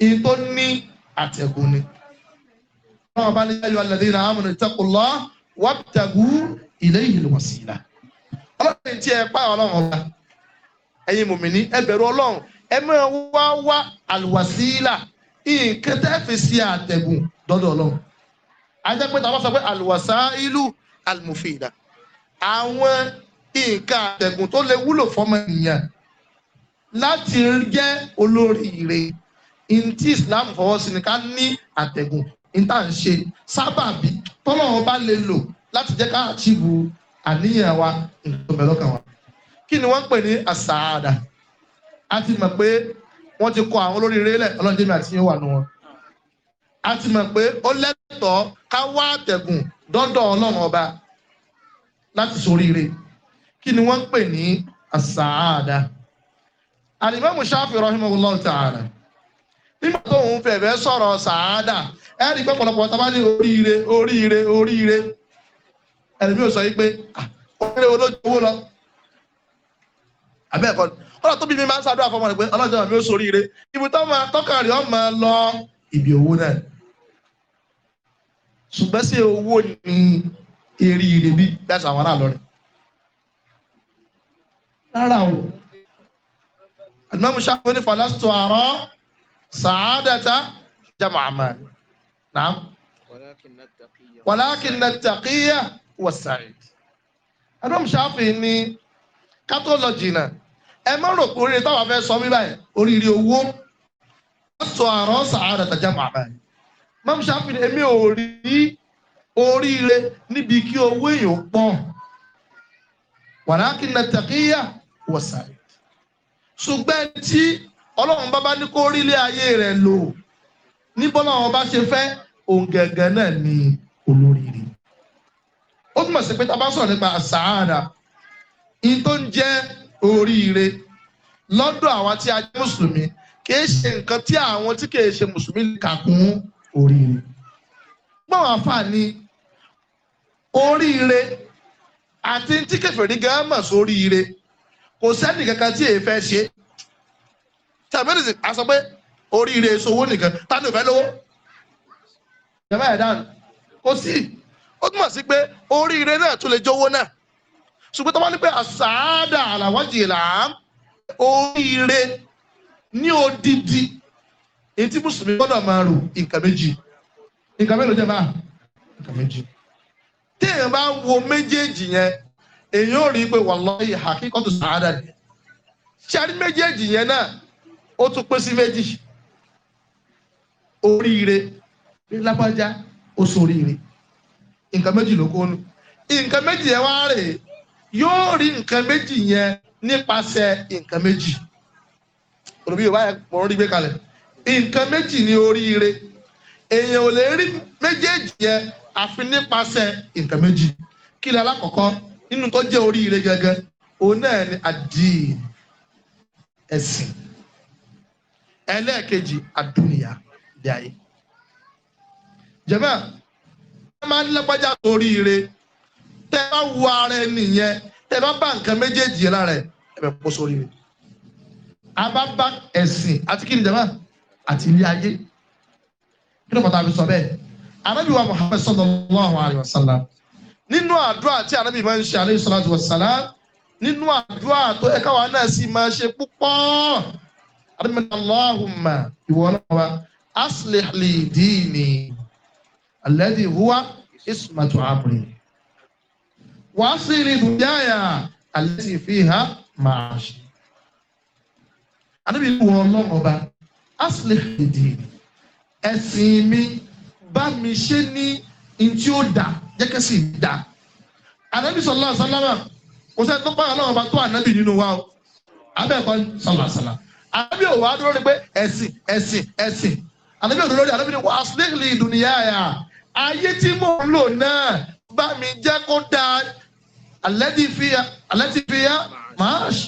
ìyí tó ní àtẹ̀gùn ni wọn bá ní ayọ̀ alladhina amanu ittaqullah wabtagu ilayhi alwasila ọlọ́run tí ẹ pa ọlọ́run ọba ẹ̀yin mùmíní ẹ bẹ̀rù ọlọ́run ẹ máa wá wá alwasila nǹkan tẹ́ fi sí àtẹ̀gùn dọ́dọ̀ ọlọ́run ajẹ́ pé tàbá sọ pé àlùwàsá ìlú àlùmùfìdà àwọn nǹkan àtẹ̀gùn tó lè wúlò fọmọ ènìyàn láti jẹ́ olórí ire ntí Islam fọwọ́ sí ni ká ní àtẹ̀gùn níta ń ṣe sábàbí tọ́lọ́run bá lè lò láti jẹ́ ká àchíbu àníyàn wa nǹkan tó bẹ̀ lọ́kàn wa kí ni wọ́n ń pè ní àsàádà a ti mọ̀ pé wọ́n ti kọ àwọn olóríire lẹ̀ ọlọ́run jẹ́mi àti yín wà nù wọn. a ti mọ̀ pé ó lẹ́tọ̀ọ́ ká wá àtẹ̀gùn dọ́dọ̀ ọlọ́run ọba láti soríire kí ni wọ́n ń pè ní àsáàdà. àlìmọ́mù Ṣáfì rahimahullahu ta'ala nígbà tó ń fẹ̀fẹ̀ sọ̀rọ̀ sàádà ẹ rí i pé pọ̀lọpọ̀ tá a bá ní oríire oríire oríire ẹ̀rí mi ò sọ yí pé ah, oríire olójú owó lọ abẹ́ẹ̀kọ́ ọ̀rọ̀ tóbi mi máa ń ṣàdúrà fọmọ rẹ̀ pé ọlọ́jọ́ mi ó soríire ibi tó máa tọ́ka rẹ̀ ọmọ lọ ibi owó náà ṣùgbọ́n sí owó ni eré ire bí dáṣà àwọn aráàlọ́ rẹ̀ rárá o àdúgbò ṣàkóso ní fàlásítọ̀ àárọ̀ sàádàtà jàmọ̀ àmà náà wàlákin nàtàkíyà wàsàìd àdúgbò ṣàfihàn ní kátó lọ jìnnà ẹ má rò pé oríire táwọn afẹ́ sọ mí báyìí oríire owó wọ́n sọ àrọ́ sàárẹ̀ tàjà màmá yìí mọ́mú ṣáfìdí èmi ò rí oríire níbi kí owó èèyàn pọ̀ wàlákì nàtàkìyà wọ̀sàrẹ̀ ṣùgbọ́n tí ọlọ́run bá bá ní kó orílẹ̀ ayé rẹ̀ lò ní bọ́lá bá ṣe fẹ́ òun gẹ̀gẹ̀ náà ni olóríire ó túmọ̀ sí pé tá a bá sọ̀rọ̀ nípa àṣà àdá tó ń jẹ́ oríire lọ́dọ̀ àwọn tí a jẹ́ mùsùlùmí kìí ṣe nǹkan tí àwọn tí kìí ṣe mùsùlùmí lè kà kún oríire. gbọ́n àǹfààní oríire àti tí kẹfìrí gan mọ̀ sóríire kò sẹ́ni kankan tí èyí fẹ́ ṣe. tàbílìsì a sọ pé oríire sowó nìkan tani ò fẹ́ lówó. ìjọba ẹ̀dá kò sí ó túmọ̀ sí pé oríire náà tún lè jówó náà ṣùgbọ́n tó bá ní pé àsáádà àlàwájìlá oríire ní odidi èyí tí mùsùlùmí gbọ́dọ̀ máa rò nǹkan méjì nǹkan mélòó jẹ́ máa nǹkan méjì téèyàn bá wo méjèèjì yẹn èyàn ò rí i pé wàláhì àkíkọ́tù sàádà ni ṣáàrí méjèèjì yẹn náà ó tún pín sí méjì oríire ní lápájá ó sọ oríire nǹkan méjì ló kó nu nǹkan méjì yẹn wá rèé yóò rí nǹkan méjì yẹn nípasẹ̀ nǹkan méjì olùbí yorùbá yẹn mọ̀ ń rí gbé kalẹ̀ nǹkan méjì ni oríire èèyàn ò lè rí méjèèjì yẹn àfi nípasẹ̀ nǹkan méjì kí ni alákọ̀ọ́kọ́ nínú tó jẹ́ oríire gẹ́gẹ́ òun náà ni àdìí ẹ̀sìn ẹlẹ́ẹ̀kejì àdúnìyà lẹ́yìn jẹ́mẹ́ ẹ máa ń lẹ́gbẹ́jà oríire tẹ bá wo ara ẹni yẹn tẹ bá bá nǹkan méjèèjì yẹn lára ẹ ẹ bẹ kó sórí rẹ a bá bá ẹsìn àti kí ni jama àti ilé ayé kí ló pàtàkì sọ bẹ́ẹ̀ anabi wa muhammed sallallahu alayhi wa sallam nínú àdúrà tí anabi máa ń ṣe alayhi salatu wa salam nínú àdúrà tó ẹ̀ka wa náà sì máa ṣe púpọ̀ anabi máa náà wa aslih li dini alladhi huwa ismatu amri wàásìlì dùjáyà àlẹ́sì fi hà máa ṣe. àdébí wọ ọlọ́run ọba asìlẹ̀ dìdì ẹ̀sìn mi bá mi ṣe ní ntí ó dà jẹ́kẹ́sì dà. àdébí sọlá sálámà kò sẹ́ni tó pààyàn náà ọba tó ànábì nínú wa o abẹ́ẹ̀kọ́ sọlá sọlá àdébí òwò adúró ni pé ẹ̀sìn ẹ̀sìn ẹ̀sìn àdébí òdòdó ni àdébí ni wàásìlẹ̀ dùnìyà yà ayé tí mò ń lò náà bá mi jẹ́ kó dáa alẹ́tì fìyà alẹ́tì fìyà máàṣì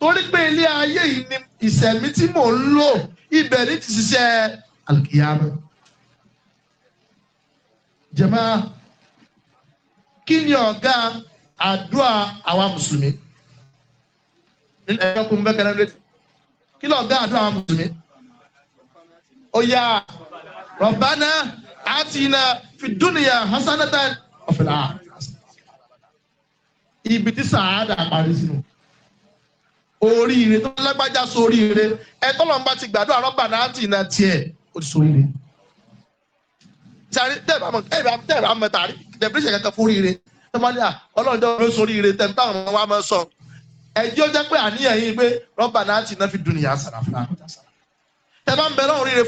torí pé ilé ayé yìí ni ìsẹ̀mí tí mò ń lò ibẹ̀ ní ti ṣiṣẹ́ alìkìyàmù. jẹ̀mọ́ kí ni ọ̀gá àdúrà àwa mùsùlùmí nílẹ̀ ẹ̀yọ́ kún bẹ́ẹ̀ kẹ́lẹ́ létí kí ni ọ̀gá àdúrà àwa mùsùlùmí ó yá rọ̀bánà àti ìnà fìdúnìyà hasanatan ọ̀fìlà ibi tí sàádà parí sínú oríire tó lágbájá sóríire ẹ tọ́lọ́n bá ti gbàdúrà rọ́bà náà tì náà tiẹ̀ ó ti sóríire sáré tẹ́ẹ̀bà mọ̀ tẹ́ẹ̀bà mọ̀ tàrí dẹ̀bíríṣẹ̀ kankan fóríire ẹ máa ní à ọlọ́run jọ́ ló sóríire tẹ̀ táwọn ọmọ wa máa sọ ẹjọ́ jẹ́ pé àníyàn yín pé rọ́bà náà tì náà fi dùnìyà sàràfà ẹ bá ń bẹ̀rẹ̀ òríire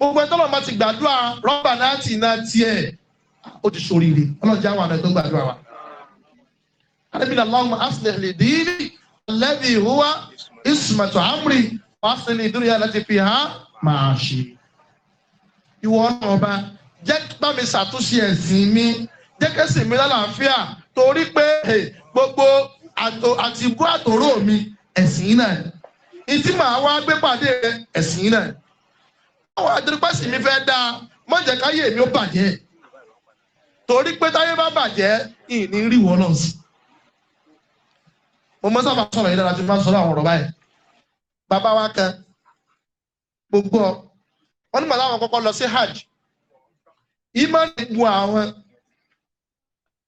gbogbo ẹni tọ́lọ́run bá ti gbàdúrà rọ́bà náà tì náà tiẹ̀ ó ti ṣoríire ọlọ́jà àwọn àna tó gbàdúrà wa. alábìlà Allahumma aslih li dini alladhi huwa ismatu amri wa aslih li dunya allati fiha maashi. ìwọ ọ̀nà jẹ́ bá mi ṣàtúnṣe ẹ̀sìn mi jẹ́ kẹ́sìn mi lálàáfíà torí pé gbogbo àtìbú àtòrò mi ẹ̀sìn náà ìtí màá wá gbé pàdé ẹ̀sìn náà àwọn àdìrúpẹ́sì mi fẹ́ dáa má jẹ́ káyé mi ó bàjẹ́ torí pé táyé bá bàjẹ́ ìní rí wọ́n náà sí. mo mọ sábà sọ̀rọ̀ yìí dára tí mo bá sọ̀rọ̀ àwọn ọ̀rọ̀ báyìí bàbá wa kan gbogbo wọn nígbà táwọn kọ́kọ́ lọ sí hajj ìmọ̀ni bu àwọn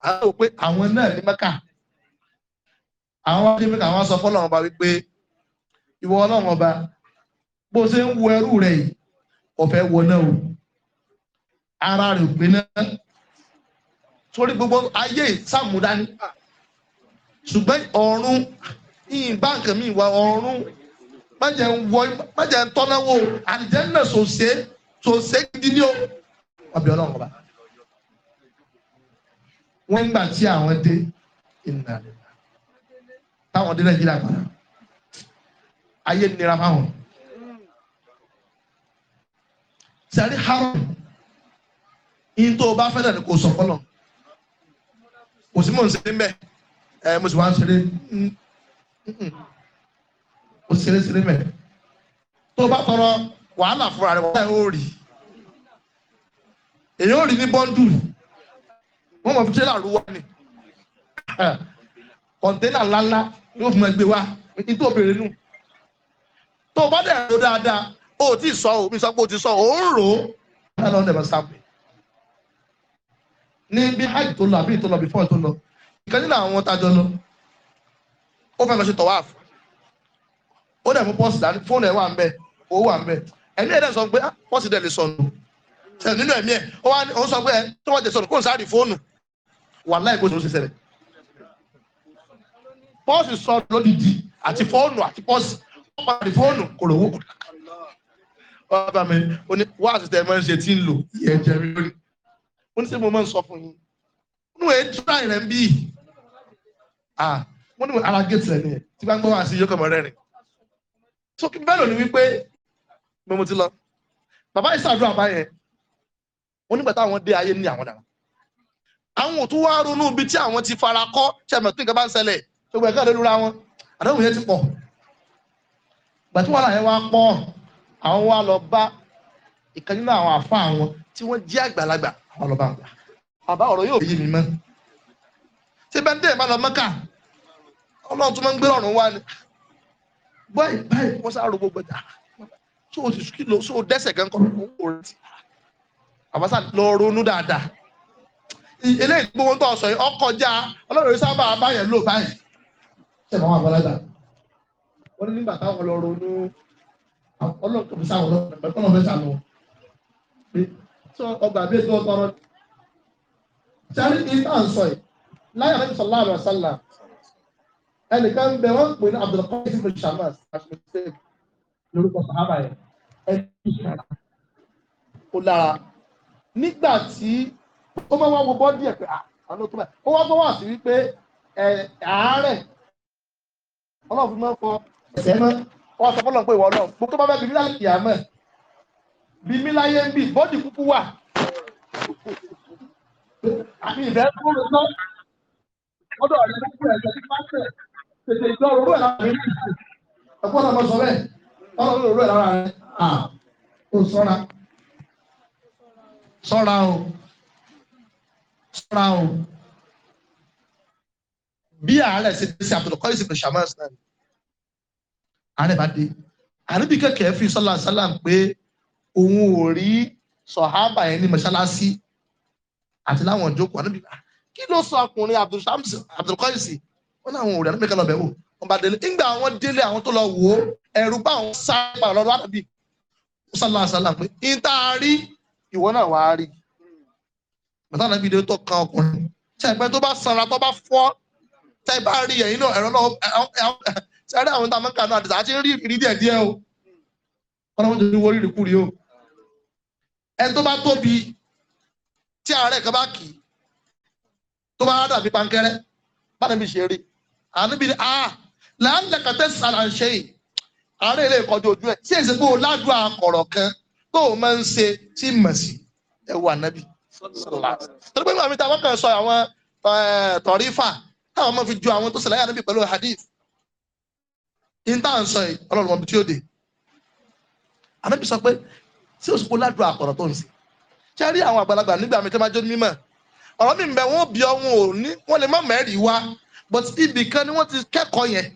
àwọn ò pé àwọn náà ní mẹ́kà àwọn wá dé mẹ́kà àwọn sọ fọ́lọ́run ọba wípé ìwọ ọlọ́run ọba bó ṣe ń wo ẹrú rẹ̀ yìí ọ̀fẹ́ wọná o ara rẹ̀ pé náà torí gbogbo ayé sàmúdání ṣùgbọ́n ọ̀run yìí báǹkì mi wà ọ̀run májẹ̀ ń wọ májẹ̀ ń tọ́náwó àdìjẹ́ náà sòṣe sòṣe gidi ní o ọbẹ̀ ọlọ́run ọba wọ́n ń gbà tí àwọn dé ìnà táwọn dé nàìjíríà padà ayé nira fáwọn sẹ́rí haram yín tó o bá fẹ́ dàní kò sọ fọlọ́ kò sí mò ń ṣeré mbẹ́ ẹ mo sì wá ń ṣeré o mm, mm, mm. ṣeré ṣeré mbẹ́ tó o bá tọrọ wàhálà fúnra rẹ wàhálà yóò rí èyí ò rí ní bọ́ńdù wọ́n mọ̀ fi tírélà ru ni kọ̀ǹténà ńláńlá yóò fún ẹgbẹ́ wa ní tó nù tó o bá dẹ̀ ro dáadáa o ti sọ o mi sọ pé o ti sọ o ń rò ó that stop me. ní bí hajj tó lọ àbí ìtò lọ before ìtò lọ ìkan nínú àwọn tájọ lọ ó fẹ́ lọ ṣe tọ̀wá àfọ̀ ó dẹ̀ mú pọ́ọ̀sì dání fóònù ẹ̀ wà ń bẹ̀ owó wà ń bẹ̀ ẹ̀mí ẹ̀ dẹ̀ sọ pé ah, pọ́ọ̀sì dẹ̀ lè sọnù tẹ̀ nínú ẹ̀mí ẹ̀ ó wá ó sọ pé ẹ̀ tó wọ́n jẹ sọnù kó n sáré fóònù wàhálà ìkó ló ṣe ṣẹlẹ̀ pọ́ọ̀sì sọ lódìdí àti fóònù àti pọ́ọ̀sì ó padà wá bá mi ó ní wá àtúntẹ̀ mọ́ ṣe tí ń lò ìyẹn jẹ́ mi lórí ó ní sẹ́ mo máa ń sọ fún yín inú ẹ̀ dúró àìrẹ̀ ń bí wọ́n ní ara gẹ̀ẹ́tì rẹ̀ nìyẹn tí bá ń gbọ́ wá sí yóò kọ̀mọ́ rẹ̀ rìn so kí bẹ́ẹ̀ lò ní wípé mo mo ti lọ bàbá ìsàdúrà báyẹn wọ́n nígbà táwọn dé ayé ní àwọn dàrá àwọn òtún wá ronú ibi tí àwọn ti fara kọ́ tí ẹ̀mọ̀ tí nǹkan bá ń ṣẹlẹ̀ tó gbẹ̀ká lórí ra wọn àdéhùn yẹn ti pọ̀ gbàtí wàhálà yẹn wá pọ̀ àwọn wa lọ bá ìkan nínú àwọn àfa àwọn tí wọ́n jẹ́ àgbàlagbà àwọn lọ bá wọn gbà àbá ọ̀rọ̀ yóò yí mi mọ́ ṣé bẹ́ẹ̀ dé ìbálò mọ́kà ọlọ́run tó máa ń gbé ọ̀run wá ni báyìí báyìí wọ́n sáré gbogbo ẹ̀dá tó o sì kìlọ̀ tó o dẹ́sẹ̀ gan kọ́ owó rẹ̀ ti àbáṣà lọ ronú dáadáa eléyìí gbogbo tó sọ yìí ọkọjá ọlọ́run sábà báyẹn lò báyìí ṣẹ̀ mọ́ àbálágbà wọ́n ní nígbà táwọn lọ ronú ọlọ́kùnrin sáwọn ọlọ́kùnrin bẹ́ẹ̀ kọ́nà mẹ́ta lọ. sọ ọgbà bíi ẹgbẹ́ ọgbà ọ̀rọ̀ sáré ní tá à ń sọ yìí láyé àti sọlá àlọ́ sálà ẹnìkan bẹ wọn pè ní abdulkadir ibn shamas àṣìṣe lórúkọ sàhábà yẹn ẹni kò lára nígbà tí ó máa wá wo bọ́dí ẹ̀ pé ah, àwọn tó báyìí ó wá tó wà sí wípé àárẹ̀ ọlọ́run fi máa ń fọ ẹ̀sẹ̀ náà wọ́n sọ fọ́lọ́ pé ìwọ náà gbogbo bá fẹ́ bí mílá kìá mọ̀ bí mílá yé ń bì bọ́dì kúkú wà àti ìfẹ́ kúrò náà ọdọ̀ rẹ̀ ló kú ẹ̀jẹ̀ tí wọ́n tẹ̀ tètè ìjọ òru ẹ̀ láwọn ìlú ìsìn ẹ̀kọ́ náà mọ̀ sọ bẹ́ẹ̀ ọlọ́run òru ẹ̀ láwọn rẹ̀ à ó sọ́ra sọ́ra o sọ́ra o bí àárẹ̀ ṣe ti ṣe àbùdókọ́ ìsìnkú ṣàmọ́ọ̀sì náà àárẹ̀ bá dé àníbi kẹ̀kẹ́ fi sọ́lá sálà pé òun ò rí sọ̀hábà yẹn ní mọ́ṣáláṣí àti láwọn ìjókòó àníbi ah, kí ló sọ ọkùnrin abdulkọ́yìsì wọn náà àwọn òrìà níbi kan lọ bẹ̀wò wọn bá délé ńgbà àwọn délé àwọn tó lọ wò ó ẹ̀rù bá àwọn sábà lọ́dọ̀ àdàbí sọ́lá sálà pé ìta rí ìwọ náà wàá rí bàtà náà bí ilé tó kan ọkùnrin tẹ̀gbẹ́ tó bá sanra tó bá fọ́ tẹ̀ bá rí ẹ̀yìn náà ẹ̀rọ náà sẹ́rí àwọn tá a máa ń kà náà àti àti rí ìrírí díẹ̀ díẹ̀ o ọlọ́run jẹ́ wọ́n rírì kúrì o ẹni tó bá tóbi tí ààrẹ kan bá kì í tó bá dàbí pankẹ́rẹ́ bá níbi ṣe rí àníbi ni a láńlẹ̀ kàtẹ́ sàlà ń ṣe yìí ààrẹ ilé ìkọjú ojú ẹ̀ sí èsì pé o ládùú àkọ̀rọ̀ kan tó o máa ń ṣe tí mọ̀ sí ẹ̀wù ànábì torí pé nígbà mi ta wọ́n kàn sọ àwọn tọ̀rífà táwọn máa fi ju àwọn tó ṣẹlẹ̀ ànábì pẹ̀lú hadith ìta ń sọ yìí ọlọ́run ọmọ tí ó dé àmẹ́bí sọ pé sí òsùpò ládùú àpọ̀rọ̀ tó ń sè ṣe rí àwọn àgbàlagbà nígbà mi tó máa jó mímọ̀ ọ̀rọ̀ mi ń bẹ wọ́n bí ọ̀hún ò ní wọ́n lè má mẹ́rì wá but ibì kan ni wọ́n ti kẹ́kọ̀ọ́ yẹn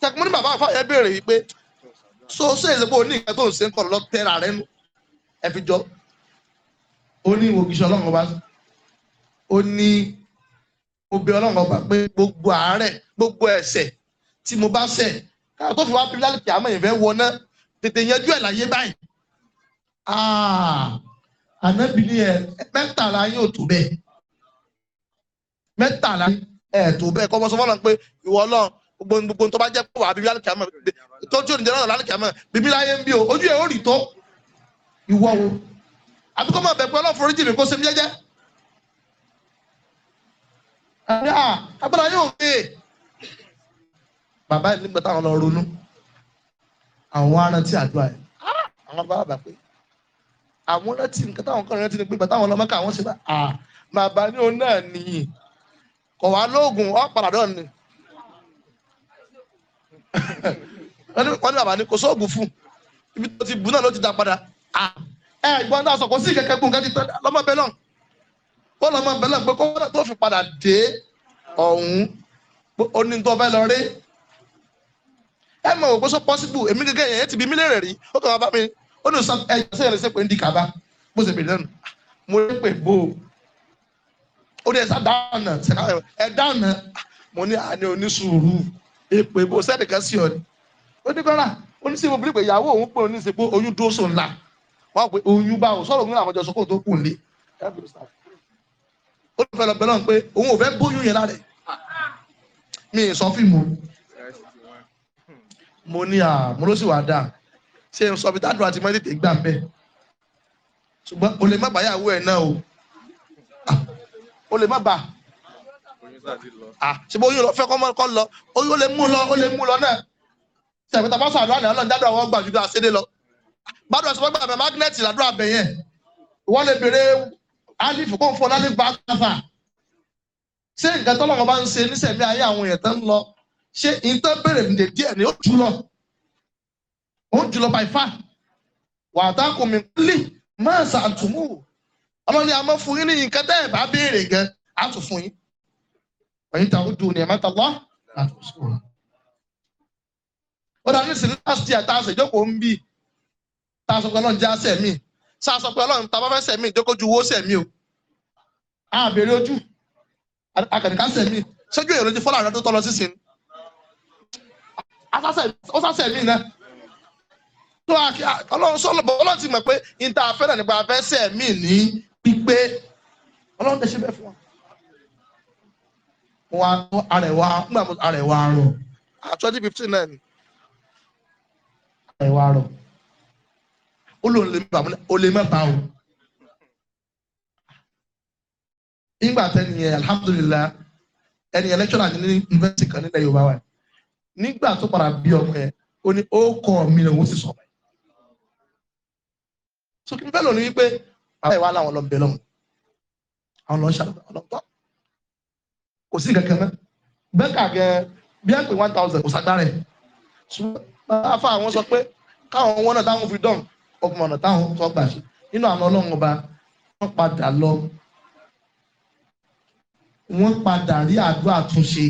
tẹkumọ́ ní bàbá àfa yẹn béèrè yìí pé so so èsè pé òní nǹkan tó ń ṣe ń kọ̀ lọ tẹ́ra rẹ nù ẹ fi jọ ó ní ìwòkìṣẹ́ ọlọ́run ọba ó ní mo bẹ̀ ọlọ́run ọba pé gbogbo àárẹ̀ gbogbo ẹ̀ṣẹ̀ tí mo káà tó fi wá bíbélì kí àmọ́ ìfẹ́ wọná tètè yanjú ẹ̀ láyé báyìí. Ah, ànábì ni ẹ mẹ́tàlá yóò tó bẹ́ẹ̀ mẹ́tàlá ẹ̀ tó bẹ́ẹ̀ kọ́ mọ́sọ́ fọ́lọ́n pé ìwọ ọlọ́run gbogbo gbogbo tó bá jẹ́ pé wà á bíbélì kí àmọ́ tó tí òní jẹ́ náà lálẹ́ kí àmọ́ bíbélì ayé ń bí o ojú ẹ̀ ó rì tó ìwọ o àbíkọ́ mọ̀ bẹ̀ pé ọlọ́run foríjì mi kó ṣe jẹ́jẹ́ ah, agbára yóò gbé bàbá yìí nígbà táwọn lọ ronú àwọn arántí àdúrà yìí àwọn bá bàbá pé àwọn rántí nǹkan táwọn kan rántí ni pé bàtà àwọn lọ mọ́kà àwọn ṣe bá à bàbá ní òun náà nìyí kò wá lóògùn ọ̀ padà dọ̀ ni wọ́n ní bàbá ní kò sóògùn fún ibi tó ti bù náà ló ti dá padà à ẹ ìgbọ́n náà sọ kò sí kẹ̀kẹ́ gùn kẹ́kẹ́ tán lọ́mọ bẹ́ẹ̀ náà ó lọ́mọ bẹ́ẹ̀ náà pé kó wọ́n tó fi padà dé ọ̀hún ó lọ rí ẹ mọ̀ òpó so possible èmi gẹ́gẹ́ yẹn ti bí mí lérè rí ó kàn wá bá mi ó ní sọ ẹ ṣe ẹlẹsẹ pé ń di kaba bó ṣe bèrè lẹ́nu mo rí pé bó ó ní ẹsẹ dáhùnà ẹ dáhùnà mo ní àní onísùúrù èpè bó sẹ́nìkan sí ọ ni ó ní kọ́ra ó ní sí mo bìrì pé ìyàwó òun pé òun ní sèpó oyún dúró sóun la wọn pe oyún bá òun sọ̀rọ̀ òun làwọn jọ sọ kóun tó kù nílé ó ní fẹ́ lọ bẹ́ẹ̀ náà pé òun ò fẹ́ bóyún yẹn lára mo ní àmú ló sì wà dáa ṣé n sọ bí tádùn àti mọ́tì tètè gbà bẹ́ẹ̀ ṣùgbọ́n o lè má bàyàwó ẹ̀ náà o o lè má bà ṣùgbọ́n oyún lọ fẹ́ kọ́ lọ o lè mú lọ o lè mú lọ náà tẹ̀kọ́tà bá sàdúrà ní ọlọ́run dáadáa wọ́n gbà ju dáa sédé lọ gbàdúrà sọ gbàgbà magnẹ́tì làdúrà bẹ̀ yẹn wọ́n lè béèrè alifu kó n fọ́ lálẹ́ bá bá ń ṣe níṣẹ̀mí ayé àwọn ṣé ìtàn bẹ̀rẹ̀ ní díẹ̀ ni ó jùlọ ó jùlọ by far wà á dákun mi lè má ṣàtúmù ọmọ ní àmọ́ fún yín ní nǹkan tẹ́ ẹ̀ bá béèrè gan á tún fún yín ọ̀yìn tá a dùn ní ẹ̀mẹ́ta lọ́ ó dà ní sí last year tá a ṣèjókòó ń bì tá a sọ pé ọlọ́run já sẹ̀mí sá sọ pé ọlọ́run tá a bá fẹ́ sẹ̀mí ìjókòó ju owó sẹ̀mí o àbèrè ojú akẹ̀kẹ́ sẹ̀mí sójú èrò ti fọ́lá àrùn tó tọ́ lọ sísìn ó sásẹ̀ mí náà tó ọlọ́run sọ́lọ́bọ̀ ọlọ́run ti mọ̀ pé níta afẹ́ náà nípa afẹ́ sẹ̀ mí ní pípé ọlọ́run tẹ̀ ṣe bẹ́ẹ̀ fún wa. wọn á tó arẹwà nígbà mo arẹwà rọ twenty fifteen náà ni arẹwà rọ ó lòun lè mẹ́ta ó lè mẹ́ta o. nígbà tẹ́ni yẹn alihamudulilayi ẹni yẹn lẹ́kṣọ́nà ní yunifásitì kan nílẹ̀ yorùbá wa ni nígbà tó padà bí ọmọ yẹn ó ní ó kọ mi lòun sì sọ̀rọ̀ yìí so kí n bẹ́ẹ̀ lò ní wípé bàbá ìwà làwọn lọ́ọ́ bẹ̀ lọ́wọ́ àwọn lọ́ọ́ ṣàlùbọ̀ ọlọ́tọ́ kò sí kankan mẹ́ bẹ́ẹ̀kà gẹ bí ẹ̀pẹ̀ one thousand kò sàgbárẹ̀ ṣùgbọ́n afa àwọn sọ pé káwọn wọn náà táwọn fi dán ọgbọ̀n ọ̀nà táwọn sọ gbà ṣe nínú àwọn ọlọ́run ọba wọ́n padà lọ wọ́n padà rí àdúrà túnṣe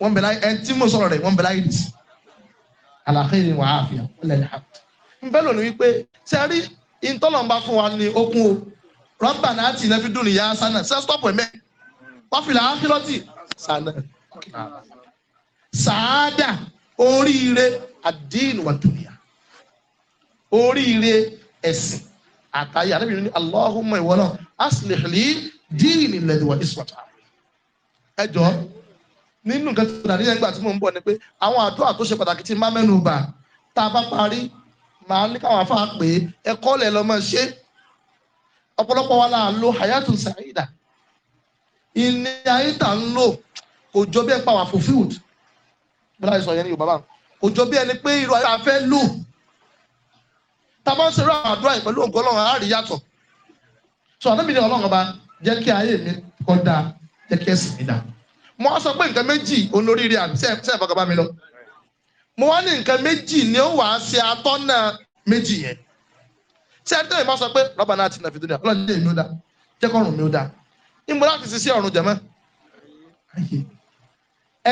wọ́n bẹ̀rẹ̀ ẹ tí mo sọ̀rọ̀ rẹ̀ wọ́n bẹ̀rẹ̀ ayé nìsí àlàkéyìn wà á fi hàn wọ́n lẹ́nu hàn. n bẹ́ẹ̀ lónìí wípé sẹ́rí ìtọ́lọ̀ ń bá fún wa ní okun o rọ́bà náà ti lẹ́fi dùn ìyá sánà sẹ́ stọ́pù ẹ̀mẹ́ wọ́n fi làá sàádà oríire àdínù wà dùnìyà oríire ẹ̀sìn àtàyè àdébìnrin ní Allahumma ìwọ náà aslih li dínì lẹ́dùwà ìsọ̀tà ẹjọ́ nínú nǹkan tó dàrí yẹn gbà tí mò ń bọ̀ ni pé àwọn àdúrà tó ṣe pàtàkì tí má mẹ́nu bà tá a bá parí màá ní káwọn afá pé ẹ̀kọ́ lẹ̀ lọ́mọ ṣe ọ̀pọ̀lọpọ̀ wa là ń lo hayatu saida ilé ayé tà ń lò kò jọ bí ẹ pa wà fulfilled bí láti sọ yẹn ní Yorùbá báwọn kò jọ bí ẹni pé irú ayé fẹ́ lò tá a bá ń ṣe irú àdúrà yìí pẹ̀lú ògo Ọlọ́run á yàtọ̀ so àdébìnrin Ọlọ́run ọba jẹ́ kí ayé mi kọ́ dáa jẹ́ kí ẹ̀sìn mi dáa mo sọ pé nǹkan méjì olóríire àmì sẹ́ẹ̀ fọkàn bá mi lọ mo wá ní nǹkan méjì ni ó wàá ṣe atọ́nà méjì yẹn ṣé ẹni tẹ́lẹ̀ máa sọ pé rọ́bà náà ti nà fi dúdú yà ọlọ́run jẹ́ mi ó dá jẹ́ kọ́run mi ó dá ìmọ̀ láti ṣiṣẹ́ ọ̀run jẹ̀mọ́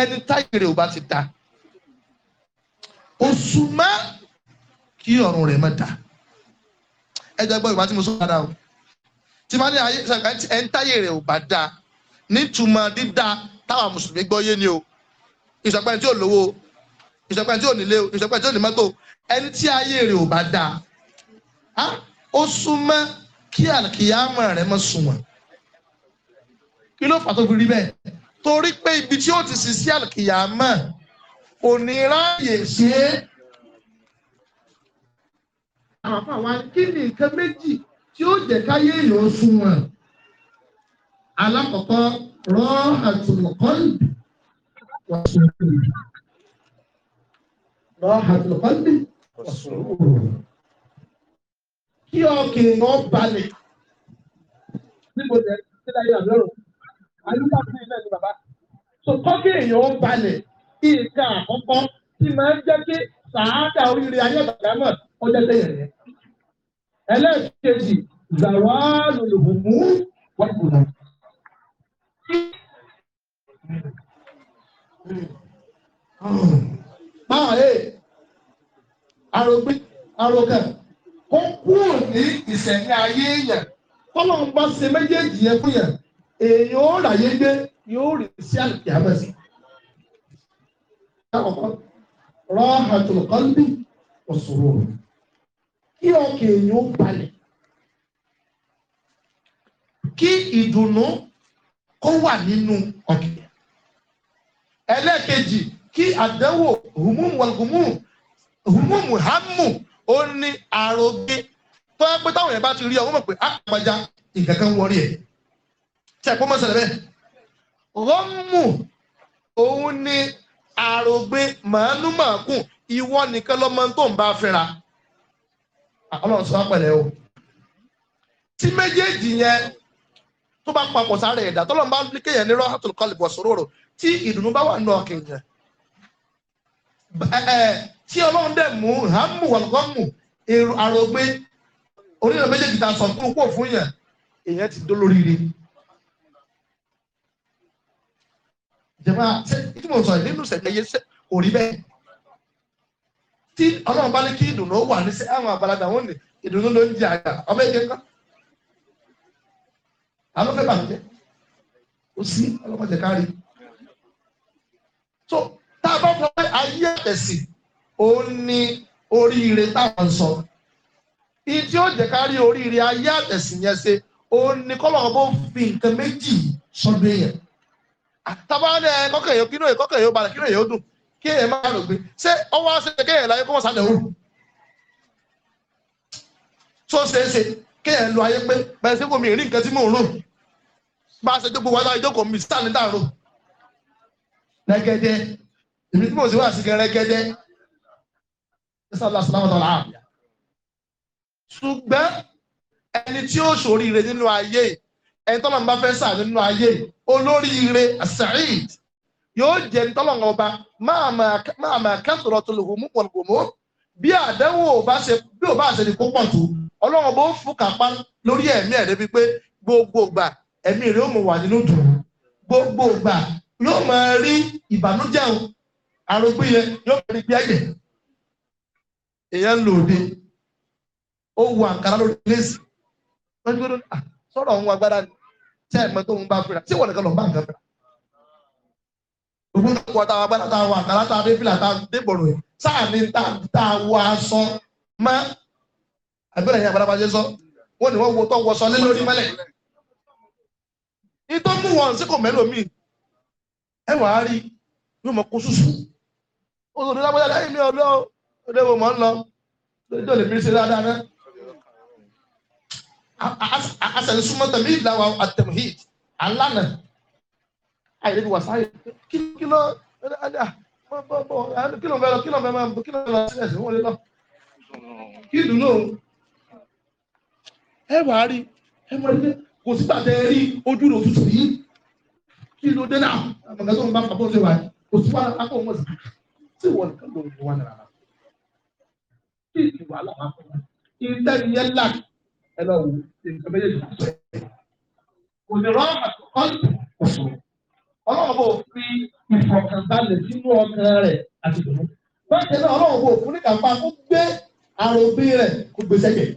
ẹni táyèrè ò bá ti da oṣù mọ́ kí ọ̀run rẹ̀ má da ẹ gbọ́ ìwà tí mo sọ dáadáa o tí máa ní ayé ẹni táyèrè ò bá da nítumọ̀ dídá táwọn mùsùlùmí gbọ́ yé ni o ìsọpẹ́ tí ò lówó ìsọpẹ́ tí ò nílé o ìsọpẹ́ tí ò ní mọ́tò ẹni tí ayé rẹ̀ ò bá dáa ó súnmọ́ kí àkìyàmọ̀ rẹ̀ mọ́ sunwọ̀n kí ló fà tó fi rí bẹ́ẹ̀ torí pé ibi tí ó ti sì sí àkìyàmọ̀ kò ní ráàyè ṣe é. àwọn àfa ni nǹkan méjì tí ó jẹ́ káyé èèyàn sunwọ̀n alákọ̀ọ́kọ́. راحة القلب والسرور راحة القلب والسرور kí ọkàn ọ balẹ̀ níbo lẹ sílẹ̀ ayé àlọ́rọ̀ àyíká fún ilé ni bàbá tó kọ́kẹ́ èèyàn ọ balẹ̀ kí nǹkan àkọ́kọ́ tí máa ń jẹ́ kí sàádà oríire ayé àgbàdámọ̀ ọjọ́ lẹ́yìn rẹ̀ ẹlẹ́ẹ̀kejì zàwálùlùmú wàlùmù máa ẹ arogbin arogàn kó kúrò ní ìsẹ̀yìn ayé yẹn tọ́lọ́run bá ṣe méjèèjì yẹn fún yẹn èèyàn ó ráyé gbé yóò rí sí àlùkí àbẹ̀sí. Lákọ̀ọ́kọ́, rahatul qalbi wa surur. Kí ọkàn èèyàn ó balẹ̀. Kí ìdùnnú kó wà nínú ọkàn. ẹlẹ́ẹ̀kejì kí àdánwò humumu hamu ó ní tó táwọn yẹn ti rí mọ̀ pé ah, wọrí ẹ̀ tí ẹ̀kọ́ mọ̀ ni màánú màákùn ìwọ nìkan tó ń bá fẹ́ra ah, ọlọ́run sọ pẹ̀lẹ́ o tó bá papọ̀ sára ẹ̀dá tọ́lọ́n bá ní kéèyàn ní rọ́hátùn kọlùbù ọ̀sọ̀rọ̀rò tí ìdùnnú bá wà nínú ọkàn èèyàn tí ọlọ́run dẹ̀ mú hàmù wọ̀lọ́gọ́mù àrògbé orílẹ̀ méjèèjì ta sọ̀ fún pò fún yẹn èèyàn ti dolórí rí jẹ̀mọ́ àti tí mo sọ yìí nínú sẹ̀dẹ̀ yé kò rí bẹ́ẹ̀ tí ọlọ́run bá ní kí ìdùnnú wà ní sí àwọn àgbàlagbà wọn ní ìdùnnú ló ń jẹ àgbà ọmọ ẹgbẹ́ kan àwọn fẹ́ bàjẹ́ ó sí ọlọ́mọdé kárí. so tá a bá fọ ayé ẹ̀sìn òun ni oríire táwọn ń sọ ìdí ó jẹ́ kárí oríire ayé ẹ̀sìn yẹn ṣe òun ni kọ́lọ́kọ́ bó fi nǹkan méjì sọ́dọ̀ èèyàn àtàbáńdẹ kọ́kẹ́ yóò kí lóye kọ́kẹ́ yóò balẹ̀ kí lóye yóò dùn kí èèyàn máa lò gbé ṣé ọwọ́ àṣẹ kéèyàn láyé kó wọ́n sálẹ̀ òru tó ṣeé ṣe kéèyàn lo ayé pé bẹ́ẹ̀ sí kò mi rí nǹkan tí mò ń rò bá a ṣe jókòó wájú àjókòó mi síta ní dàrú lẹ́gẹ́dẹ́ èmi tí mò ń ṣe wá sí kẹrẹ lẹ́gẹ́dẹ́ ṣùgbọ́n ẹni tí ó ṣoríire nínú ayé ẹni tọ́lọ̀ ń bá fẹ́ sà nínú ayé olóríire Said yóò jẹ́ ní tọ́lọ̀ ọba máa máa kẹ́sọ̀rọ̀ tó lè hùmú pọ̀lùpọ̀ mọ́ bí àdánwò ò bá ṣe bí ò bá ṣe ni kó pọ̀ tó ọlọ́run bó fún kápá lórí ẹ̀mí ẹ̀ débi pé gbogbo ìgbà ẹ̀mí rẹ̀ ó mọ̀ wà nínú dùn gbogbo ìgbà yóò máa rí ìbànújẹ́ àròpin yẹn yóò máa rí bí ẹ̀jẹ̀ èèyàn ń lò ó wu àǹkárá lórí lẹ́sìn lọ́jọ́ ah, sọ̀rọ̀ òun agbára tẹ́ ẹ̀mọ́ tó ń bá fúra tí wọ́n nìkan lọ́ọ́ bá nǹkan fúra gbogbo tó kọ táwa gbá látà wà tàlá tàwa débìlà tàwa débòrò yìí sáà ní táwa sọ mọ àbẹ̀rẹ̀ yẹn àbálàbà jẹ́ sọ wọ́n ní wọ́n wo tó wọṣọ lé lórí mẹ́lẹ̀ ìtọ́ mú wọn sí kò mẹ́lò míì ẹ wà á rí yóò mọ kó sùsù ó sọ ní lábọ́jà láyé mi ọ̀dọ́ ọ̀dọ́ mọ̀ ń lọ lójó lè mí sí dáadáa náà asẹ̀lẹ̀ súnmọ́ tẹ̀mí ìlà wa àtẹ̀mí hìt alánà àyè ti wà sáyè kí kí lọ kí kilo kí kilo máa kí lọ lọ sí ẹsẹ̀ wọlé lọ kí dùnú ẹ wàá rí ẹ mọ ilé kò sígbà tẹ rí ojú rẹ òtútù yìí kí ló dé náà àgbàgbà tó ń bá pàbó ṣe wà yìí kò sí wàhálà akọ ọmọ ìsìn tí wọn nìkan ló ń wà nára kí ni wàhálà máa kọ ìtẹ́ ìyẹn là ẹ lọ wò ìkàbẹ́yẹ ìdìbò kò ní rọ́ọ̀mù àti ọ̀nù kò sọ̀rọ̀ ọlọ́run bò fi ìfọ̀kànbalẹ̀ sínú ọkàn rẹ̀ àti ìdùnnú. bákan náà ọlọ́run bò fún níkàpá kó gbé àròbí rẹ̀ kó gbé sẹ́yẹ̀.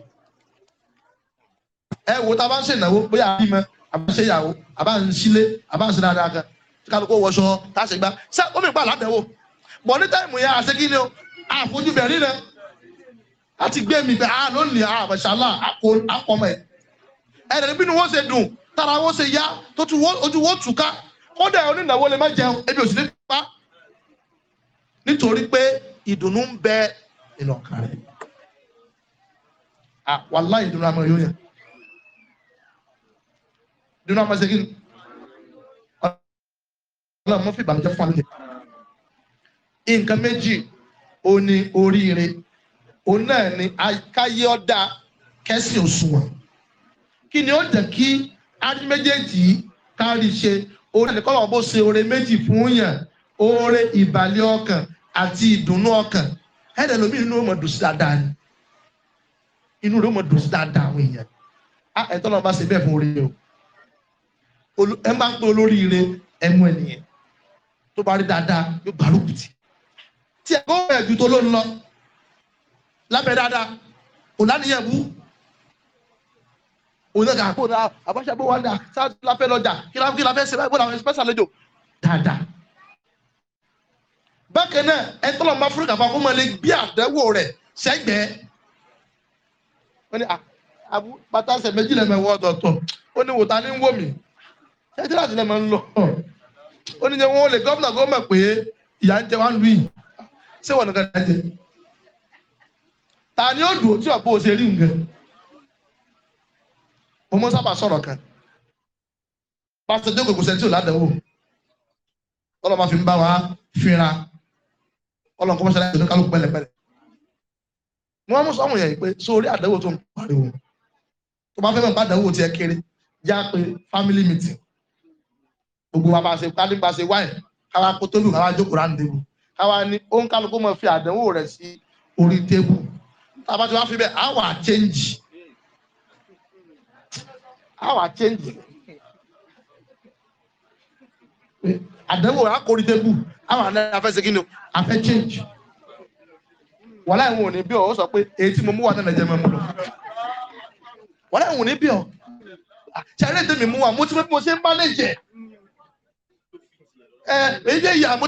ẹ wo tá a bá ń ṣe ìnáwó bóyá àbí mọ àbá ń ṣe ìyàwó àbá ń sílé àbá ń ṣe dáadáa kan tí kálukú wọṣọ tá a ṣe gbá ṣé ó mi pa àládẹ́wò bọ̀ ní táìmù yẹn àṣẹ kí ni o àfojúbẹ̀ rí rẹ láti gbé mi bẹ̀ á lónìí àbàṣálà àkọ́mọ̀ ẹ̀ ẹ̀rẹ̀ bínú wọ́n ṣe dùn tára wọ́n ṣe yá tó tu ojú wọ́n tù ká kódà onínáwó lè má jẹun ebi òsì ní pa nítorí pé ìdùnnú ń bẹ nínú ọkàn rẹ ah, wàhálà ìdùnnú àmọ́ yóò yẹ ìdùnnú àmọ́ segin Ọlọ́run mọ fi ìbànújẹ́ fún alóde nǹkan méjì ó oríire òun náà ni káyé ọdá kẹsì òṣùwọ̀n kí ni ó jẹ́ kí arí méjèèjì kárí ṣe orí ẹnì kọ́lọ̀ bó ṣe oore méjì fún yàn oore ìbàlẹ̀ ọkàn àti ìdùnnú ọkàn ẹ̀rẹ̀ lómi inú ọmọ dùn sí dáadáa ni inú rẹ̀ ọmọ dùn sí dáadáa àwọn èèyàn á ah, ẹ̀ tọ́lọ́ bá ṣe bẹ́ẹ̀ fún oore o ẹ máa ń pè olóríire ẹ mú tó bá rí dáadáa yóò gbárùkù tì tí ẹ kó ẹ̀jú tó ló lọ lábẹ́ dáadáa kò lánìyàn bú onídàgà àpò náà àbáṣà bó wà ní sáà la fẹ́ lọ́jà kí la fẹ́ ṣe báyìí bó làwọn ẹ̀sìpẹ́sà lẹ́jọ́ dáadáa. bákan náà ẹ tọ́lọ̀ máa fúrúkà fún akọ́mọ lè gbé àdẹ́wò rẹ̀ sẹ́gbẹ̀ẹ́. wọ́n ní àbú bàtà ṣẹ̀ méjì lẹ́mẹ̀ wọ́ ọ̀tọ̀ọ̀tọ̀ ó ní wòtá ní wọ́mì ṣẹ́jú láti lẹ́mẹ̀ ń lọ. ó ní jẹ́ lè gọ́ọ̀nà mo mọ sábà sọ̀rọ̀ kan pásítọ̀ jókòó kò sẹ́ńtì ò ládàáwò ọlọ́mọ ń bá wa fínra ọlọ́mọ kọ́ mọ́ṣáláṣí ọdún kálukú pẹ̀lẹ́pẹ̀lẹ́ wọ́n mú sọ́mù yẹn pé sórí àdánwò tó ń pariwo tó bá fẹ́ mọ̀ pàdánwò tiẹ̀ kéré já pé family meeting gbogbo wa bá ṣe ká nípa ṣe wáìn káwa kó tébù káwa jókòó rán tébù káwa ní ó ń kálukú fi àdánwò rẹ̀ sí orí tébù tá a fi bẹ́ẹ̀ á wà change. how are changing àdánwò akórídébù àwọn àdáyà a kí change wọ́n láì wọn ò ọ sọ pe èyí mo mú wà náà lẹ́jẹ̀ mọ́ lọ wọ́n láì wọn ò ní bí ọ ṣẹlẹ̀ mo ti fẹ́ mo ṣe ń bá jẹ ẹ èyí yẹ mi mo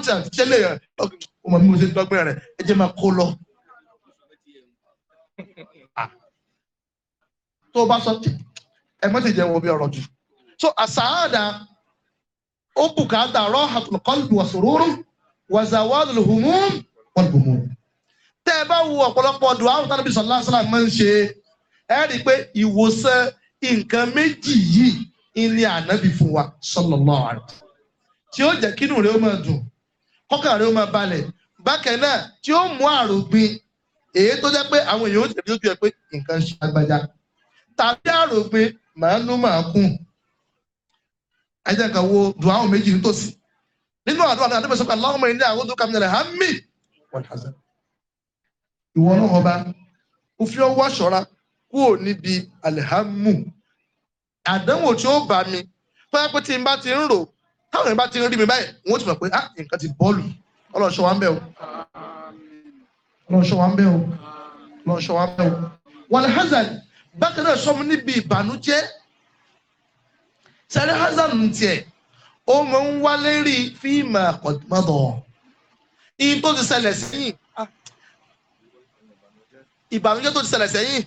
rẹ ẹ lọ. Ah. tó o bá sọ ẹ mọ́ sì jẹ́ wo bí ọ̀rọ̀ jù so àsáàdà ó bùkátà rahatul qalbi wa sururu wa zawadul humum wal gumum tẹ́ ẹ bá wo ọ̀pọ̀lọpọ̀ dùn àwọn tánàbí sallallahu alaihi wasallam máa ń ṣe ẹ rí i pé ìwòsàn nǹkan méjì yìí ilé ànábì fún wa sallallahu alaihi wasallam tí ó jẹ́ kínú rẹ̀ ó máa dùn kọ́kàn rẹ̀ ó máa balẹ̀ bákan náà tí ó mú àrògbin èyí tó jẹ́ pé àwọn èèyàn ó tẹ̀lé ojú ẹ pé nǹkan ṣe agbájá tàbí àrògbin ma ló máa kún ajá kan wo dùn àwọn méjì nínú àdúrà náà adébẹ̀sọ́ kan ọmọ àwọn tó ìwọ ọba ó fi ọwọ́ alhamu àdánwò tí ó bá mi pé n bá ti ń rò táwọn èèyàn ti ń rí mi báyìí ah nǹkan ti bọ́ọ̀lù ọlọ́ọ̀ṣọ́ wa ń bẹ̀ o ọlọ́ọ̀ṣọ́ wa ń bẹ̀ o bákan náà sọmọ níbi ìbànújẹ́ sẹ́rí hasan tiẹ̀ ó máa ń wá lérí fíìmù àkọ́dùmọ́dọ̀ ìyìn tó ti ṣẹlẹ̀ sẹ́yìn ah, ìbànújẹ́ tó ti ṣẹlẹ̀ sẹ́yìn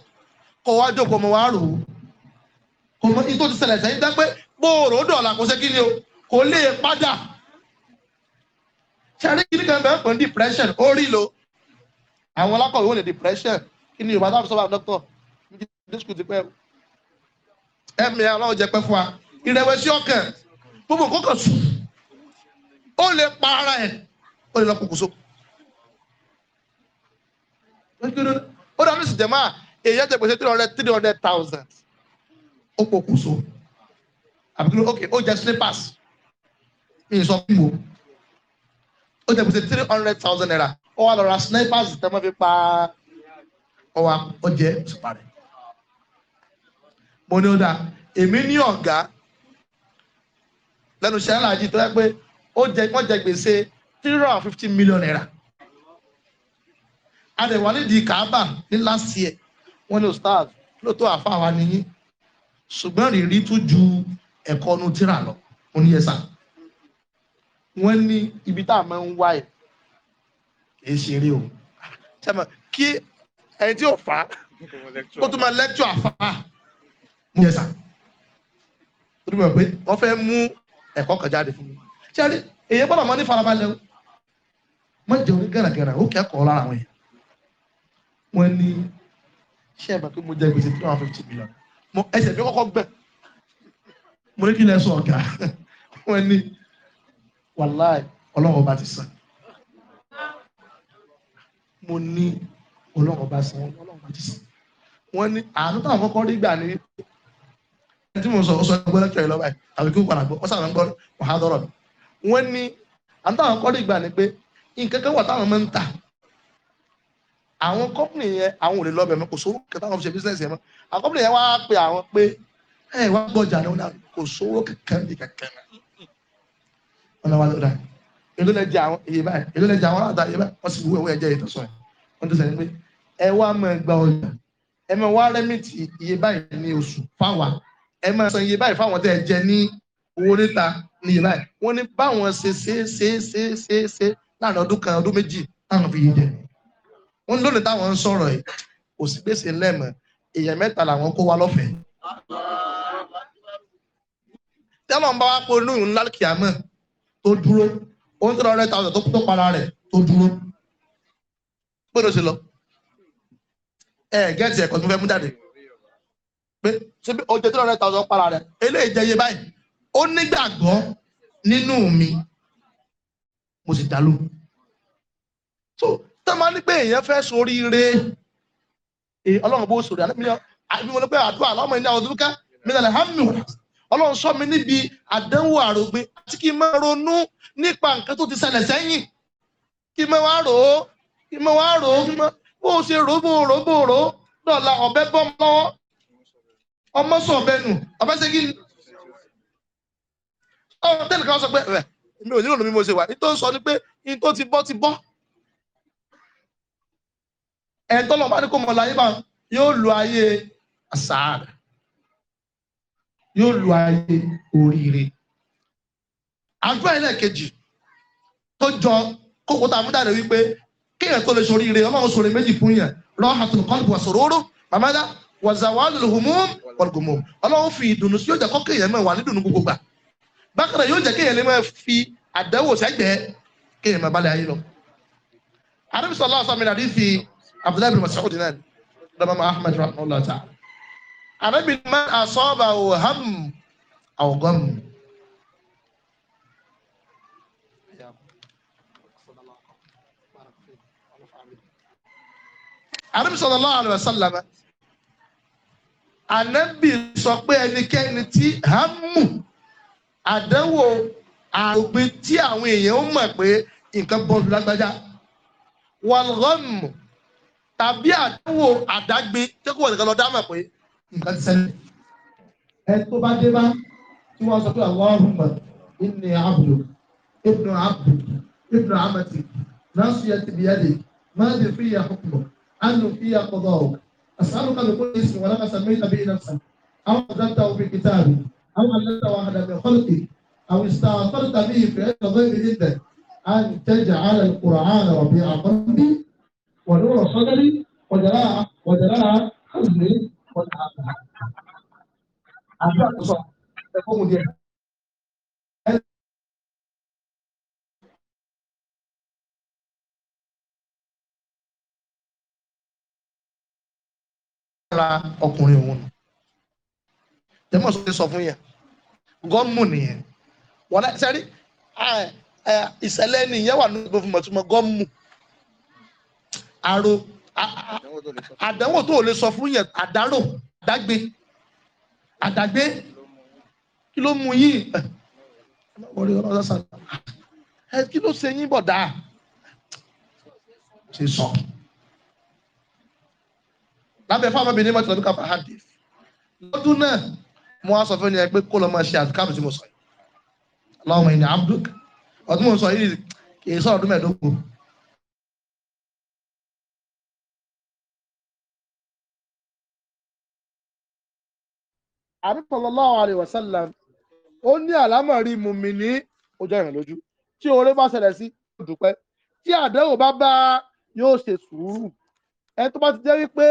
kọ́ wá jókòó mọ́ wá rò ó kò mọ ìyìn tó ti ṣẹlẹ̀ sẹ́yìn dápẹ́ gbòòrò dọ̀là kò ṣe ni o kò lè padà sẹ́rí kí ni kan bẹ́ẹ̀ pọ̀ depression ó rí lo àwọn alákọ̀wé ò lè depression kí ni Yorùbá táwọn sọ́wọ́ àwọn dísùkù ti pẹ́ ẹ̀mí aláwọ̀ jẹ́ pẹ́ fún wa ìrẹ̀wẹ̀sì ọkàn gbogbo nǹkan kan sùn ó lè pa ara ẹ̀ ó lè lọ kókòsó. ó dàbí ìsìjẹ̀má èyí ẹ̀jẹ̀ gbèsè three hundred three hundred thousand ó pokùnso àbíkú ok ó jẹ slippers mi sọ fún wo ó jẹ gbèsè three hundred thousand naira ó wà lọ ra slippers tẹ́ wọ́n fi pa ọwọ́ ó jẹ òṣùpá rẹ̀ mo ní ó dáa èmi ní ọ̀gá lẹ́nu iṣẹ́ aláàjì tó yẹ pé wọ́n jẹ gbèsè three hundred and fifty million naira adẹ̀wálídìí kàábà ní last year wọ́n ní ostars ló tó àfa wa nìyí ṣùgbọ́n rírí tún ju ẹ̀kọ́ ọ̀nù tíra lọ mo ní ẹ̀sà wọ́n ní ibi tá a máa ń wá ẹ̀ kì í ṣeré o kí ẹni tí ò fà á kó tó máa lẹ́tọ̀ àfà ní ẹ̀sà tó dùn mọ̀ pé wọ́n fẹ́ mú ẹ̀kọ́ kan jáde fún mi ṣé ẹ èyí gbọ́dọ̀ mọ́ ní farabalẹ̀ o má jẹun ní gàràgàrà ó kẹ́kọ̀ọ́ lára àwọn yẹn wọ́n ní ṣé ẹ mọ̀ pé mo jẹ gbèsè three hundred fifty million mo ẹsẹ̀ mi kọ́kọ́ gbẹ̀ mo ní kí lẹ́ sọ ọ̀gá wọ́n ní wàláì ọlọ́run ọba ti sàn mo ní ọlọ́run ọba sàn ọlọ́run ọba ti sàn wọ́n ní àánú táwọn rí gbà ní tí mo sọ ó sọ ẹgbẹ́ lẹ́kítọ̀ yìí lọ́ba yìí àbí kí ó padà gbọ́ ó sàrán gbọ́ mọ̀hádọ́rọ̀ mi. wọ́n ní àtàwọn kọ́ dìgbà ni pé nǹkan kan wà táwọn máa ń tà àwọn kọ́pìnì yẹn àwọn ò lè lọ́bẹ̀ mọ́ kò sówó kẹta àwọn fi ṣe bísíǹsì yẹn mọ́ àwọn kọ́pìnì yẹn wá pe àwọn pé ẹ wá gbọ́jà ni wọn kò sówó kankan bí kankan náà wọn náà wá lọ́dà èló lẹ jẹ àwọn èyí báyìí èló lẹ jẹ àwọn aláàtà èyí báyìí wọn sì wúwo ẹwọ ẹjẹ yìí tó sọ yẹn wọn tó sọ yẹn pé ẹ wá ẹ máa san iye báyìí fáwọn tẹ́ ẹ jẹ ní owó níta ní iye báyìí wọ́n ní báwọn ṣe ṣe ṣe ṣe ṣe ṣe láàrin ọdún kan ọdún méjì táwọn fi yé jẹ wọ́n ní lónìí táwọn ń sọ̀rọ̀ yìí kò sí gbèsè lẹ́mọ̀ èèyàn mẹ́ta làwọn kó wá lọ́fẹ̀ẹ́ tẹ́lọ̀ ń bá wá pé lóyún ńlá kìámọ̀ tó dúró ó ń tẹ́lọ̀ ọ̀rẹ́ tàwọn tó para rẹ̀ tó dúró pé ló ṣe lọ ẹ̀ gẹ́ẹ̀tì ẹ̀kọ́ tó fẹ́ mú jáde pé ṣé o jẹ three hundred thousand para rẹ eléyìí jẹ iye báyìí ó nígbàgbọ́ nínú mi mo sì dá lóhùn so tẹ́lẹ̀ ní pé èèyàn fẹ́ sórí re e, ọlọ́run bó sòrí àbí mo ní pé àdúrà lọ́mọ ìní àwọn olùkẹ́ mílẹ̀ hàmù ọlọ́run sọ mi níbi àdánwò àrògbin àti kí n máa ronú nípa nǹkan tó ti ṣẹlẹ̀ sẹ́yìn kí n máa wá rò ó kí n máa wá rò ó bó ṣe rò bó rò bó rò ó dọ̀la ọ̀bẹ bọ́ mọ́ ọmọ sọ ọbẹ nù abẹ́sẹ̀gì ni ọ tẹ́lẹ̀ kan sọ pé rẹ̀ mi ò nílò lómi mo ṣe wà ní tó ń sọ ni pé ní tó ti bọ́ ti bọ́ ẹ̀ tọ́lọ̀ bá ní kó mọ láyé bá yóò lu ayé àsáàrẹ̀ yóò lu ayé oríire àdúrà ẹlẹ́ẹ̀kejì tó jọ kókó tá a mú jáde wípé kéèyàn tó lè sọ oríire ọlọ́run sọ̀rọ̀ méjì fún yẹn lọ́hàtún kọ́ńtù wà sọ̀rọ̀ oró màmá dá وزوال الهموم والغموم الله في دونس يوجا كوكي يما وان دون غوغو با باخرا يوجا كي يلي ما في ادو سجده كي ما بالي ايلو عرف صلى الله عليه وسلم حديث عبد الله بن مسعود نان امام احمد رحمه الله تعالى انا من من اصابه هم او غم عرب صلى الله عليه وسلم ànábì sọ pé ẹnikẹ́ni tí hamu àdánwò àrògbin tí àwọn èèyàn ń mọ̀ pé nǹkan bọ́ọ̀lù lágbájá wàlọ́ọ̀mù tàbí àdánwò àdágbé tí kò wọ̀ nìkan lọ dá mọ̀ pé nǹkan ti ṣẹlẹ̀. ẹ tó bá dé bá tí wọ́n sọ pé Allahumma inni abdu ibnu abdu ibnu amati nasiya tibiyadi madi fiya hukmu anu fiya qada'u. أسألك لكل اسم ولك سميت به نفسك أو أنزلته في كتابك أو علمت واحدا من خلقك أو استأثرت به في علم الغيب جدا أن تجعل القرآن ربيع قلبي ونور صدري وجلاء وجلاء حزني والعافية. lára ọkùnrin òun nù tẹmọ sọ sọ fún yẹn gọmù nìyẹn wọn náà sẹrí ìṣẹ̀lẹ̀ nìyẹn wà nínú ìgbófin mọtúmọ gọmù aro àdánwò tó lè sọ fún yẹn àdárò àdágbé àdágbé kí ló mú yìí kí ló ṣe yín bọ̀dá ṣe sọ lábẹ́ fáwọn ọmọbìnrin mọ́tò lọ́dún káfà hadith lọ́dún náà mo wá sọ fún ẹni pé kó lọ máa ṣe àtúkàbù tí mo sọ yìí Allahumma inni abduk ọdún mo sọ yìí kì í sọ̀rọ̀ ọdún mẹ́ẹ̀ẹ́dógún àrífọ̀lọ́láwọ̀ àríwọ̀sẹ́lá ó ní àlámọ̀rí mùmíní ọjọ́ ìrìnlójú tí oore bá ṣẹlẹ̀ sí dúpẹ́ tí àdánwò bá bá yóò ṣe sùúrù ẹni tó bá ti jẹ́ wípé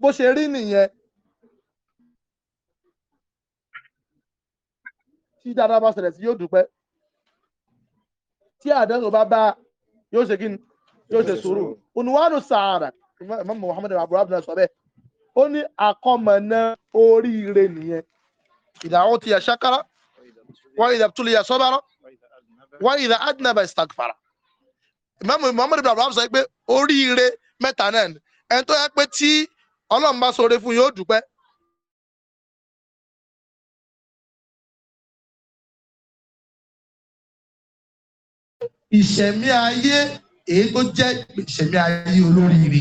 bó ṣe rí nìyẹn tí dáadáa bá ṣẹlẹ̀ sí yóò dúpẹ́ tí àdánwò bá bá yóò ṣe kíni yóò ṣe sùúrù oníwánu sàárà imam muhammad abu abdul sọ bẹ́ẹ̀ ó ní àkọmọ̀nà oríire nìyẹn ìdáwó ti yà ṣákárá wọ́n ìdá tó lè yà sọ́bárọ́ wọ́n ìdá adnaba istagfara imam muhammad abu abdul sọ pé oríire mẹ́ta náà ẹni tó yẹ pé tí ọlọ́run bá ṣoore fún yóò dúpẹ́. ìṣẹ̀mí ayé èyí tó jẹ́ ìṣẹ̀mí ayé olóríire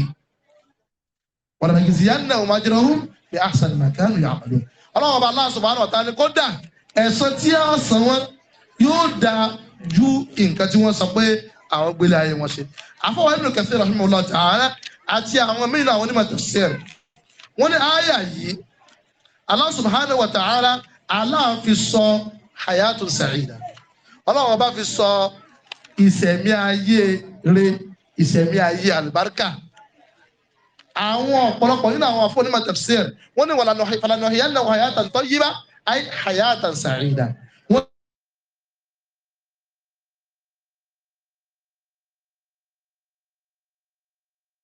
wọ́n lọ́mọ ìgbésí yánn náà wọ́n jẹ́rọ ọ̀hún bí àṣàn màkánù yà àmàlò ọlọ́run ọba Allah subhanahu wa ta'ala kódà ẹ̀san tí a san wọn yóò da ju nǹkan tí wọ́n sọ pé àwọn gbélé ayé wọn ṣe àfọwọ́ Ibn Kathir rahimahullah ta'ala àti àwọn mílíọ̀nù àwọn onímọ̀ tafsir wọ́n ní àyà yìí Allah subhanahu wa ta'ala Allah fi sọ hayatu sa'ida ọlọ́run ọba fi sọ ìsẹ̀mí ayé re ìsẹ̀mí ayé àlùbáríkà àwọn ọ̀pọ̀lọpọ̀ nínú àwọn afọ́nímọ̀ tafsir wọ́n ní wàlànà hayatan tayyibah ay hayatan sa'ida.